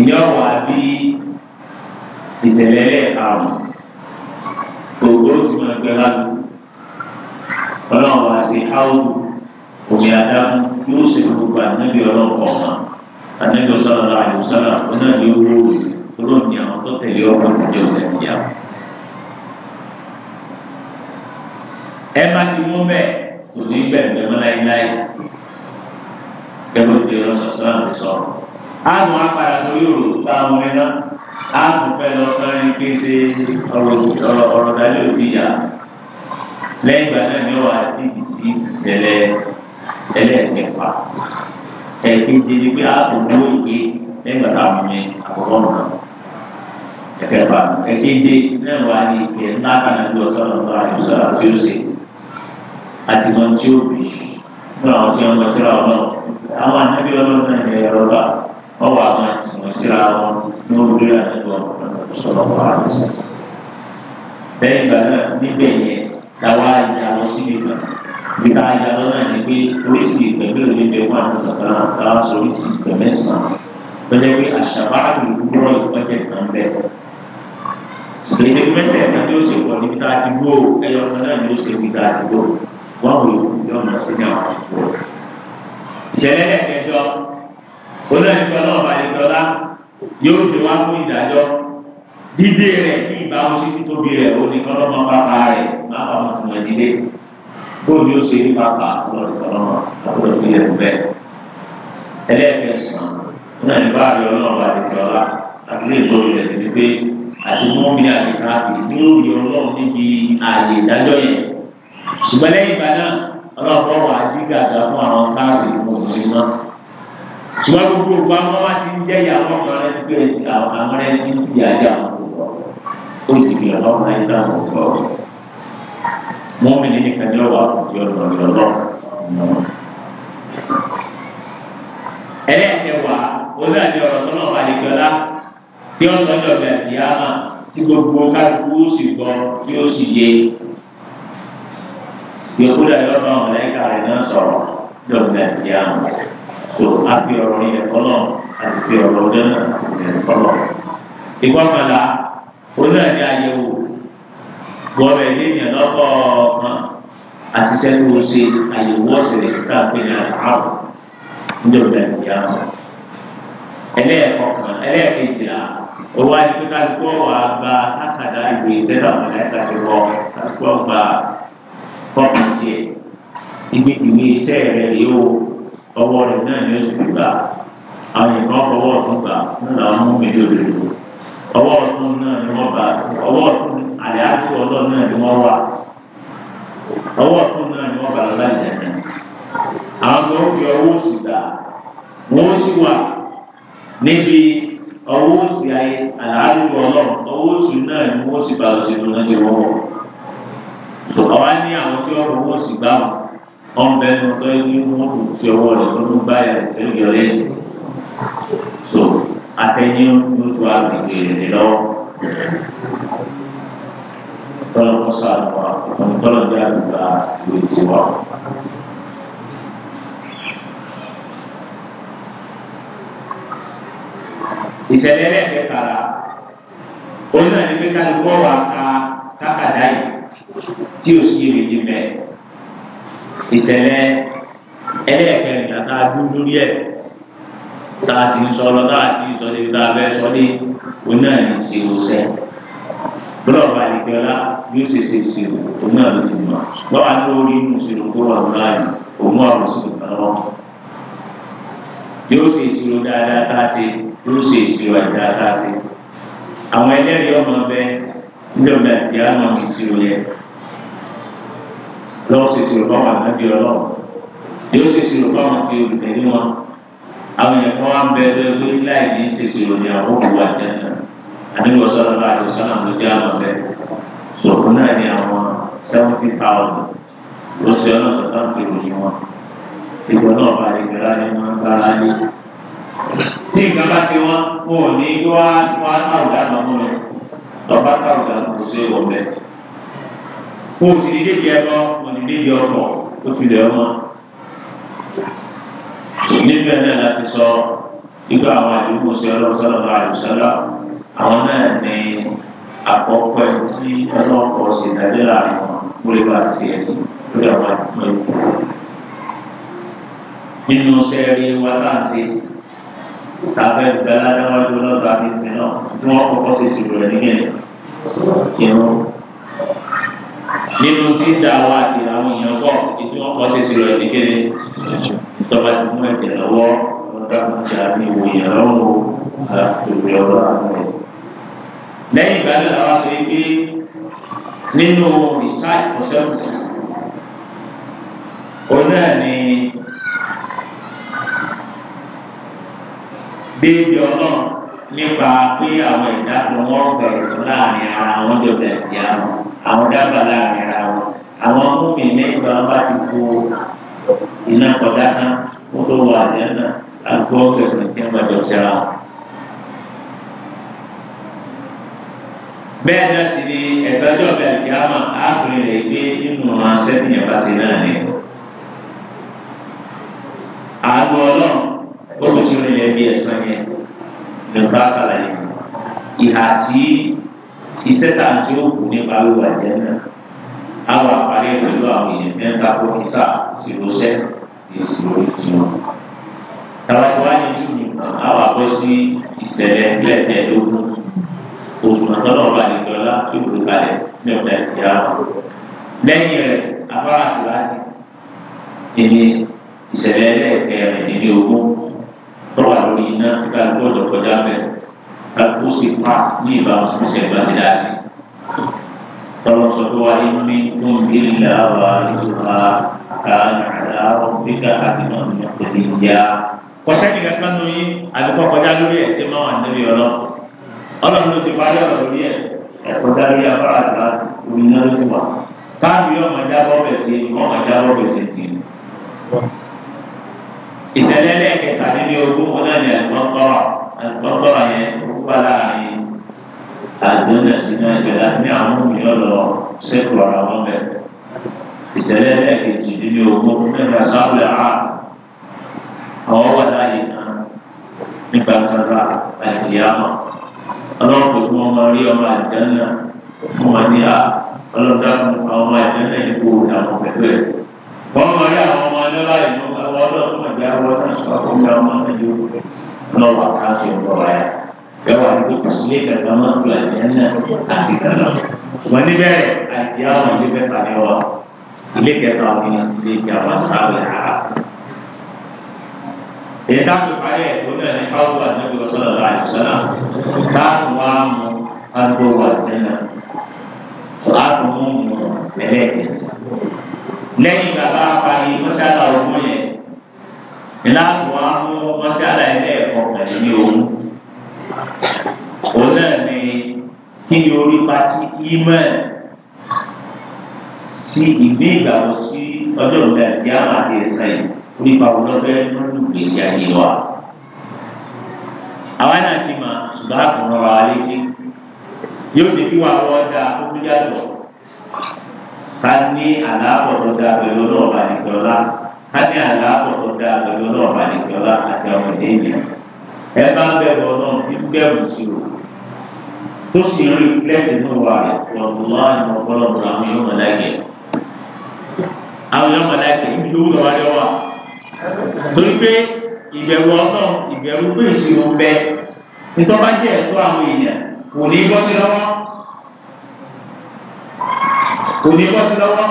ìyá ọ̀wà bí ìṣẹ̀lẹ̀ lẹ́ẹ̀karùn gbogbo tí wọ́n gbẹ lágbo ọlọ́run wá sí áwùjọ omi àdámù yóò ṣe gbogbo ànábì ọlọ́pàá ọ̀ma ànábì ọ̀sọ́lá àyọ̀sọ́lá onáàbí olóòwe olóòní àwọn tó tẹ̀lé ọkọ̀ ìjọ nàìjíríà. ẹ bá ti mú bẹ́ẹ̀ kò ní bẹ́ẹ̀ bẹ́ẹ̀ mọ́ láéláé kẹ́lọ́ ìdè ọ̀sọ̀sọ́lá ti sọ̀rọ̀. àwọn apá lórí òrò tá a múlẹ̀ náà á tún fẹ́ lọ sọ́rin kí n ṣe ọ̀rọ̀ dalẹ́ òtí yá lẹ́yìn ìgbà náà ni wàá ti di sí ìṣẹ̀lẹ̀ ẹlẹ́ẹ̀kẹfà ẹ̀kí jẹjẹ pé á tún dúró ìwé lẹ́yìn ìgbà tá a mú mi àkọ́kọ́ nù ẹ̀kẹfà ẹ̀kí jẹ náà wà ní ìpè ńlá kan náà lọ sọ́nà ọ̀tọ̀ àyùsọ̀rọ̀ àti òsè àti mọ̀ tí ó bì náà ọ̀tí àwọn ànábì náà ní ẹ̀rọ bá ọwọ́ àwọn àti ọ̀tọ̀ síra wọn tí wọ́n gbé àdúgbò sọ̀rọ̀ wà lọ́sọ̀sọ̀. Bẹ́ẹ̀ ìgbà náà níbẹ̀ yẹn làwọn àjà lọ síbi kan. Ìgbà àjà lọ náà ni pé oríṣi ìpẹ̀lú òní bẹ fún àwọn ọ̀sán láwọn sọ oríṣi ìpẹ̀ mẹ́sàn-án. Lọ́jọ́ pé àṣàbá àdúgbò ìpẹ́jẹ̀ kan bẹ̀. Kì í ṣe mẹ́sẹ̀ ẹ̀ka tí ó ṣe pọ̀ níbi tá a ti gbó ẹyọ kan náà ni ó ṣe níbi tá a ti gbó. Wọ́n wò ó yọ̀ọ̀nà sí ní àwọn àṣùkò. Ìṣẹ̀lẹ̀ ẹ̀kẹjọ olóyìnbó náà balẹ̀dọ́lá yóò fi wá fún ìdájọ́ dídé rẹ̀ ní ìbámu sí títóbi rẹ̀ ó ní kọ́lọ́mọ pápá rẹ̀ má bàa mọ̀ fún ẹ̀dílé bóbi ó ṣe ní pápá lọ́rọ̀ kọ́lọ́mọ àbúrò ìpínlẹ̀ bẹ́ẹ̀ ẹlẹ́ẹ̀kẹsàn náà ní bá àbí ọlọ́run balẹ̀dọ́lá àti lè tó ilẹ̀ níbi pé àti mọ́mí àti káàpì dúró ní ọlọ́run níbi ààyè ìdájọ́ yẹn ṣùgbọ́n lẹ́yìn ìgbà náà ṣùgbọ́n gbogbo ìgbà wọn wá ti ń jẹ́ ìyàwó ọ̀nà rẹ ti bẹ̀rẹ̀ sí àwọn àwọn rẹ ti ń fi àjà ó sì fi ọ̀nà ọ̀nà ìta ọ̀tọ̀ wọn mi nínú ìkànnì ọ̀wà àkùtì ọ̀nà ìrọ̀lọ́ ẹlẹ́ẹ̀kẹwà olóòdì ọ̀rọ̀ tó náà wà ní gbọ́lá tí ó sọ jọ̀bẹ̀ àdìyámà tí gbogbo kálukú ó sì gbọ́ tí ó sì yé yòókù dàbí ọ̀nà ọ̀nà ìka náà sọ̀rọ̀ jọ̀bẹ̀ àdìyámà tó a fi ọ̀rọ̀ yẹn kọ́lọ̀ a ti fi ọ̀rọ̀ náà yẹn kọ́lọ̀. ìwọ́n padà olóòdì àyẹ̀wò gbọ́dọ̀ ilé yẹn lọ́kọ̀ ọ̀kan àti sẹ́nu ṣe àyẹ̀wò ọ̀sẹ̀rẹ̀ síta pé ní àbáwò ní ọ̀dà ìyá wọn. ẹlẹ́ẹ̀kọ̀kan ẹlẹ́ẹ̀kejìlá owó àti kálukú ọ̀wà gba kákàdá ìwé ìṣẹ́lẹ̀ àwọn ẹ̀ka ti wọ kálukú ọ̀gbà fọ́ọ̀mù tiẹ̀ ìgbé ìwé iṣẹ́ rẹ̀ yóò ọwọ́ rẹ̀ náà ni ó sì gbà àwọn ìkan fọwọ́ ọ̀tún gbà náà làwọn mú mi lórí ìlú ọwọ́ ọ̀tún náà ni wọ́n bá ọwọ́ ọ̀tún àyájú ọlọ́run náà ni wọ́n wà ọwọ́ ọ̀tún náà ni wọ́n bá lọ́la ìjẹ̀kẹ́ àwọn tó fi ọwọ́ òsì gbà wọ́n sì wà níbi ọwọ́ òsì ayé àyájú ọlọ́run ọwọ́ òsì náà ni wọ́n sì bá lọ sí ìlú wọ́n wọ̀ ọ̀nbẹ ní ọ̀tọ́ yìí wọ́n kò fi ọwọ́ rẹ̀ tó ń bá ẹ̀ ń yọrí so atẹ́yìn ló tó agbègbè rẹ̀ lọ́wọ́ tọ́lọ́ kọ́ sáà wà ọ̀nà tọ́lọ́ jẹ́ àgbà ló ti wà. ìṣẹ̀lẹ̀ ẹ̀ẹ́dẹ́gbẹ̀tara onímọ̀ ẹ̀ẹ́dẹ́gbẹ̀tara gbọ́ wà ká sákàdá yìí tí ò sí èrè jẹ́ bẹ́ẹ̀ ìṣẹ̀lẹ̀ ẹlẹ́ẹ̀kẹrin tàtà dúdú rí ẹ̀ tá a sì ń sọ lọ tá a ti sọ débi tá a fẹ́ sọ dé òun náà ní ìṣirò sẹ́ bọ́lá ọba àdìgbẹ́lá yóò ṣe ṣe ìṣirò òun náà ló ti mọ̀ báwa ní orí inú ìṣirò kó wà lọ́wọ́ àyè òun wà lọ́wọ́ sí ìgbàlọ́ yóò ṣe ìṣirò dáadáa tá a ṣe yóò ṣe ìṣirò àìdáa tá a ṣe àwọn ẹlẹ́rìí ọmọ bẹ níjọba ìdí àmọ́ ìṣirò yẹn lọ́wọ́ sì sùrù fáwọn ànábì ọlọ́run yóò sì sùrù fáwọn ti olùtẹ̀lé wọn àwọn èèyàn kan wá ń bẹ ẹgbẹ́ lórí láì ní ṣe sùrù ní àwọn òkú àjẹnà ànábì ọ̀sọ́nà bá àti ọ̀sọ́nà ló jẹ́ àwọn ọ̀bẹ sòkò náà ní àwọn seventy thousand ló ṣe ọ̀nà sọ̀tàn fi ròyìn wọn ìgbà náà bá ìgbàlá ni wọ́n ń bára ní. tí nǹkan bá ti wọ́n wọn ò ní wá wá táwùdà lọ́mọ rẹ̀ lọ́ kó o sì ní débi ẹbọ kò ní débi ọkọ tó fi lè ọmọ. níbẹ̀ náà láti sọ nígbà àwọn àdúgbò sí ọlọ́run sọ́lọ́ bá àdùsọ́lá àwọn náà ní àkọ́kọ́ ẹ̀ tí ọlọ́kọ̀ sì dájọ́ láàrin wọn kó lè bá sí ẹ̀ lórí àwọn àdúgbò yìí. nínú sẹ́ẹ̀rì wa láti tàbí ìgbàlá dáwájú ọlọ́dọ̀ àti ìsìn náà tí wọ́n kọ́kọ́ sì ṣùgbọ́n ẹ̀ nígbẹ̀ẹ́ nínú tí ń da wa àti àwọn èèyàn bọ̀ ètò wọn kọ́ ṣèṣe lọ ẹ̀dí kéré ìjọba ti mú ẹ̀jẹ̀ lọ́wọ́ wọn dákun ti àbí ìwò èèyàn lọ́wọ́ àtòwé ọ̀rọ̀ àwọn lẹ́yìn ìgbà náà làwọn sọ pé nínú research ọ̀sẹ̀ òun náà ni bíbí ọlọ́run nípa pé àwọn ìdájọ́ wọn bẹ̀rẹ̀ sí láàrin ara wọn jọ bẹ̀rẹ̀ sí ara wọn àwọn dábàá láàrin ara wọn àwọn múmi lẹ́yìn wọn bá ti kó iná kọjá kan kó tó wọ àjẹ́ náà àgbo kẹsàn-án tí wọ́n jọ ṣe ra. bẹ́ẹ̀ náà sì ni ẹ̀sọ́jọ́ bẹ̀rẹ̀ kí á máa ákùnrin rẹ̀ gbé nínú ránṣẹ́ tí yẹn náà ní. àgbo ọlọ́run ó lè tún ilẹ̀ bí ẹ̀sán yẹn lè bá ṣàlàyé ìhà tí iṣẹ́ tá à ń ṣe ó kù nípa wíwà jẹ́ náà àwọn àpárí pẹ̀lú àwọn èèyàn tí ń takò kíṣà ìṣòroṣẹ́ ti ìṣòro ìṣòro. tàbátìwá ní júùmù kan àwọn àbọ̀ sí ìṣẹ̀lẹ̀ ẹlẹ́ẹ̀ẹ́dógún òṣùwọ̀n tọ́lọ̀ ọba àdìgbọ́lá tó gbé kalẹ̀ ní ọ̀dà ìyá wọn. lẹ́yìn rẹ̀ afárá sí láti ẹni ìṣẹ̀lẹ̀ ẹlẹ́ẹ̀kẹrin ẹni ogún tọ́wà lórí iná kíkà lóko ọ̀dọ̀ kọjá bẹ́ẹ̀ kó sì pass ní ìbámu sí sẹ́ gba sí dáa sí. tọ́lọ̀ sọ pé wàá inú mi tó ń gbé ìlà wà lóra ká nàrà ọ̀gbẹ́ká àti náà ní ọ̀pẹ̀lẹ̀ ìyá. kọ́sẹ́ kìkà kan nù yín àdúgbò kọjá lórí ẹ̀ tí máa wà níbi ọ̀nà ọlọ́run ló ti parí ọ̀rọ̀ lórí ẹ̀ ẹ̀kọ́ dárí afárá àtàlá omi náà ló ti wà. káàbì ọmọ ìjà bọ́ bẹ̀ sí ọmọ kópa láàrin àdéhùn sínú ẹgbẹ́ láti àwọn òmìnira lọ sẹ́kù ara wọn bẹ̀. ìṣẹ̀lẹ̀ ẹ̀kejì nínú ogún nígbà sáwùlẹ̀ á àwọn wà láàyè kan nígbà sàṣà àìkíyàmọ̀ ọlọ́run pé kí wọ́n máa rí ọmọ àdéhùn náà fún wọn ní à ọlọ́dà àwọn ọmọ àdéhùn náà ní kó o dà wọn pẹ̀lú ẹ̀. wọ́n máa rí àwọn ọmọ ọlọ́lá ìlú àwọn ọlọ́run àgbẹ̀ àwọn ọlọ́run sọ̀rọ̀ fún mi àwọn ọmọ ẹwà ní kò sílé kankan máa ń lo àjẹnà àti kankan wọn níbẹ̀ àjẹ àwọn ilé mẹ́ta ni wọn ilé kẹta wọn ni ilé tí a wá sáré ara. èyí tá a tó parí ẹ̀ tó bẹ̀rẹ̀ ní káwọn wà ní ìgbésọ̀ lọ́la àìsọ́nà táàbù wa mú àgbo wà nínú láàbù mú mú lẹ́lẹ́ kẹsì. lẹ́yìn bàbá parí mọ́ṣálà ogún yẹn láàbù wa mú mọ́ṣálà ẹlẹ́ẹ̀kọ́ pẹ̀lú ní ogún òun náà ni kí ni orí pati imẹ̀ sí ìgbé ìgbàgbọ́ sí ọjọ́ ìgbà tí a máa ti ẹ̀sán yìí orí pa òun lọ́bẹ̀ lọ́dún ìgbésí ayé wa. àwa náà ti mà ṣùgbọ́n àkùnrin ọ̀rọ̀ wa létí yóò di bí wàá wọ́n da omi yàtọ̀ ká ní àlàáfọ̀ tó da pẹ̀lú ọlọ́ọ̀bà nìkọ́lá ká ní àlàáfọ̀ tó da pẹ̀lú ọlọ́ọ̀bà nìkọ́lá àti ọmọdé ènìyàn ẹ bá bẹ̀rù ọlọ́run tí ń bẹ̀rù sí o tó sì ń rí pílẹ́tì ní wa rẹ̀ ọ̀gbọ̀n àwọn ọ̀pọ̀lọpọ̀ àwọn yóò mọ̀ láìpẹ́ àwọn yóò mọ̀ láìpẹ́ ibi tó wúlò wáyé wà torí pé ìbẹ̀rù ọlọ́run ìbẹ̀rù pé ìṣirò bẹ nítorí bá jẹ́ ẹ̀tọ́ àwọn èèyàn kò ní bọ́ sí lọ́wọ́ kò ní bọ́ sí lọ́wọ́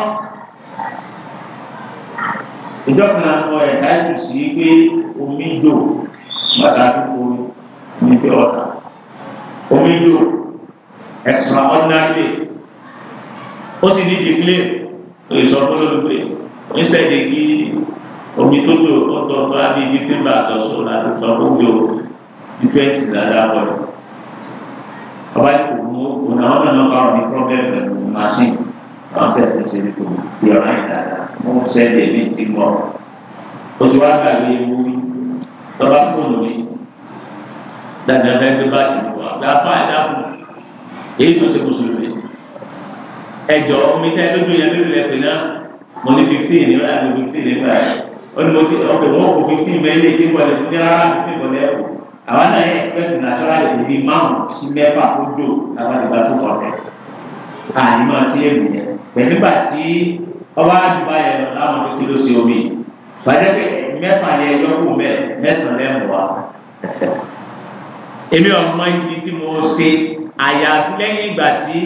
ìjọba náà kọ ẹ̀ka ìtù sí pé omi jò bàtà tó pé ọ̀tá omi yóò extraordinary ó sì ní declare ìsọfúnni olùgbé instead kí omi tó lò ọ̀tọ̀ ọ̀tọ̀ àbí fifteen bá àtọ̀sọ̀ láti sọ fún yóò ìfẹ́sì dáadáa pọ̀ jù ọba ìkòkò ọ̀nà ọ̀nà náà bá wọn ní problem pẹ̀lú machine àwọn tẹ̀sán ṣe ní kò ní ọ̀rá ìdáadáa wọ́n sẹ́ẹ̀dẹ̀ ní ti mọ̀ ọ́ ojú wa gbàgbé ewu tọ́ba fóònù mi dandan fẹ́ gbé báàsì wà gbé afá ẹ̀dá fún èyí tó ṣe mùsùlùmí ẹjọ omi tẹ lójú yẹn lórí lẹsẹ náà mo ní fifteen ní ọ̀là ní fifteen nígbà ó ní mo ti ọkọ̀ wọn kò fifteen bẹ́ẹ̀ ní èsì wọlé fún yàrá fifteen wọlé ẹ̀kọ́ àwọn náà yẹ fẹ́ẹ̀tì nàtọ́rà lè fi márùn sí mẹ́fà kó dò láwọn ìgbà tó kọ̀ rẹ̀ àní máa ti èmi yẹn pẹ̀lú gbà tí ọba àdúgbò yẹn lọ láwọn tó kí ló ṣe omi bàjẹ́ pé mẹ́fà yẹn yọkùn mẹ́sàn-án lẹ́mùwá èmi ọmọ ibi tí mo ṣe àyàfi lẹ́yìn ìgbà tí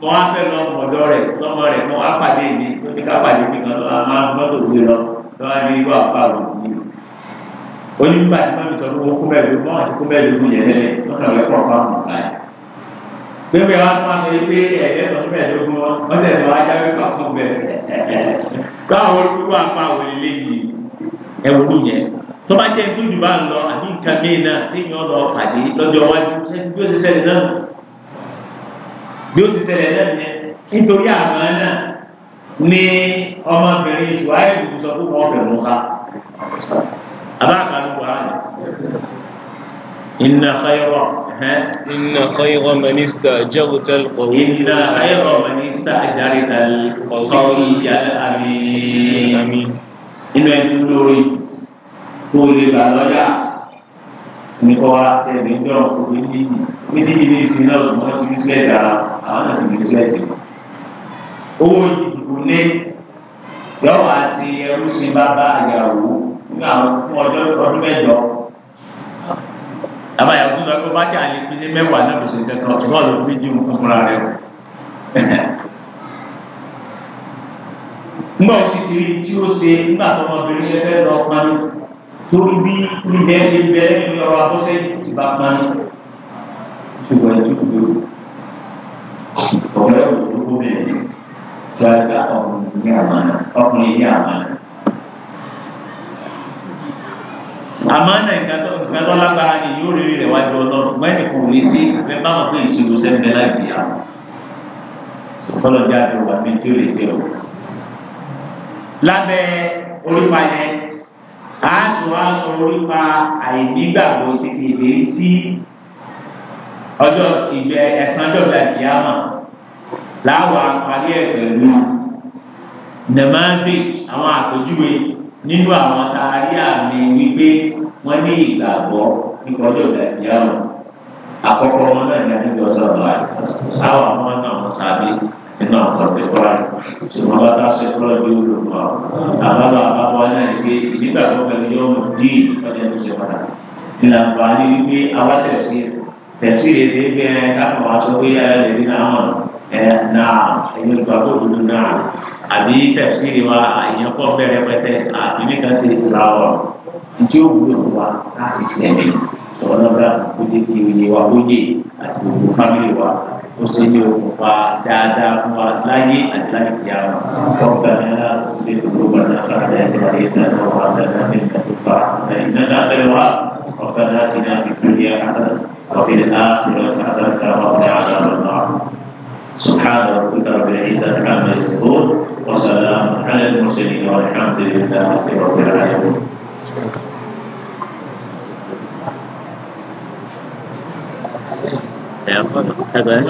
mo wá fẹ́ lọ ọ̀dọ́ rẹ̀ lọ́mọ rẹ̀ mo wá pàdé mi tó ní ká pàdé mi kan lọ́wọ́ máa ń gbọ́dọ̀ gbé lọ lọ́wọ́ ní irú àpá rò sí i. ó ní nígbà tí mọ́mí sọ fún kó bẹ́ẹ̀ ló mọ́ àti kó bẹ́ẹ̀ ló mú yẹn lẹ́lẹ̀ lọ́nà rẹ̀ pọ̀ fún àwọn ọ̀gá yẹn. gbẹ́gbẹ́ wa máa sọ pé ẹ̀ẹ́dẹ́ sọ fún bẹ́ẹ̀ ló mú wọn wọ́n tẹ̀lé wa já wípé àpò bẹ́ẹ̀ káwọn olùkọ́ àpá òun lè yí ẹ̀wọ̀n yẹn tọ́ba jẹ́ tó jù bá ń lọ àbí nǹkan mìíràn náà téèyàn lọ pàdé lọ́jọ́ iwájú bí ó ṣe ṣẹlẹ̀ náà bí ó ṣe ṣẹlẹ̀ náà yẹn nítorí àmọ́ náà ní ọmọbìnrin ìṣùwáyé ìdùnnú sọ fún ọmọbìnrin wọn ká abáàkàlù wà á inna khayra inna khayra manista jarutal qawi inna khayra manista jarutal qawi yal amin inú ẹni lórí kó lè gbà lọ́jà ní kọ́ wa ṣe lè ń dọ̀rọ̀ kó lè ní ní ní ilé ìsìn náà lọ́dún wọn ti ní sílẹ̀sì ara àwọn náà sì ní sílẹ̀sì. owó ìdìbò lé yọ̀ọ́ wá sí ẹrú sí bàbá àyàwó nínú àwọn ọjọ́ ọdún mẹ́jọ àbá yà fún ọgbọ́n bá ṣáà lè pèsè mẹ́wàá náà lọ́sẹ̀ tẹ̀tọ̀ ṣùgbọ́n ló fi jí nǹkan fúnra rẹ̀ o. nígbà òsì tí tí ó ṣe nígbà tó ọmọbìnrin ṣe lọ torí bí níbẹ̀ ṣe bẹ̀rẹ̀ ní ọ̀rọ̀ àtúnṣe ti bá pa ní ṣùgbọ́n ẹ̀jú kúrò ọ̀rẹ́ òkúrò bẹ̀rẹ̀ gbàgbà ọkùnrin ní àmàna ọkùnrin ní àmàna. àmàna ìgbàdọ́ lágbára ni yóò rí rẹ̀ wájú ọlọ́run mẹ́rin kò ní sí ìfẹ́ báwọn pé ìṣòro sẹ́ńbẹ́ láì fi àwọn ọlọ́jà àti òwà mi tí ó lè ṣe ọ̀ a sì wá sọ orípa àìnígbàgbọ́ sí ìlérí sí ọjọ́ ìgbẹ́ ẹ̀sán dọ̀gba ìyáàmà láwa parí ẹ̀ pẹ̀lú nemandic àwọn àpèjúwe nínú àwọn taari àmì wípé wọ́n ní ìgbàgbọ́ nípa ọjọ́ ìgbà ìyáàmà àkọ́kọ́ wọn náà ní àdúgbò sọ̀rọ̀ àìsàn àwọn ọmọ náà wọ́n sábẹ́ nínú àwọn ọ̀gbìn kọ́ra ṣùgbọ́n bá tá a ṣe kúrọ̀ bí ó lò wá àbábà àbábọ̀ náà ni pé nígbà tó bẹ̀rẹ̀ yọ ọmọ díì lọ́jọ́ tó ṣe padà ìlànà bá ní wípé awátẹ̀sí tẹ̀sí rẹ̀ ṣe jẹ́ káfọ̀ aṣọ pé ayọ̀ lè rí náà ẹ̀ náà ẹ̀yìn ìgbà tó dúdú náà àbí tẹ̀sí rẹ̀ wa àyàn pọ̀ bẹ̀rẹ̀ pẹ̀tẹ̀ àbí nìkan ṣe ìlà ọ̀ ǹjẹ́ ó wúlò wa láti ṣẹ̀mí ọ̀nà bá kó وسيدي وفادادا ولاجي أجلاجي كياما ربنا تسلي قلوبنا بعد إذ هديتنا وأعطنا منك كفارا فإنك خيرها ربنا آتنا في الدنيا حسنة وفي الآخرة حسنة وقنا عذاب النار سبحان ربك رب العزة عما يصفون وسلام على المرسلين والحمد لله رب العالمين Thank you.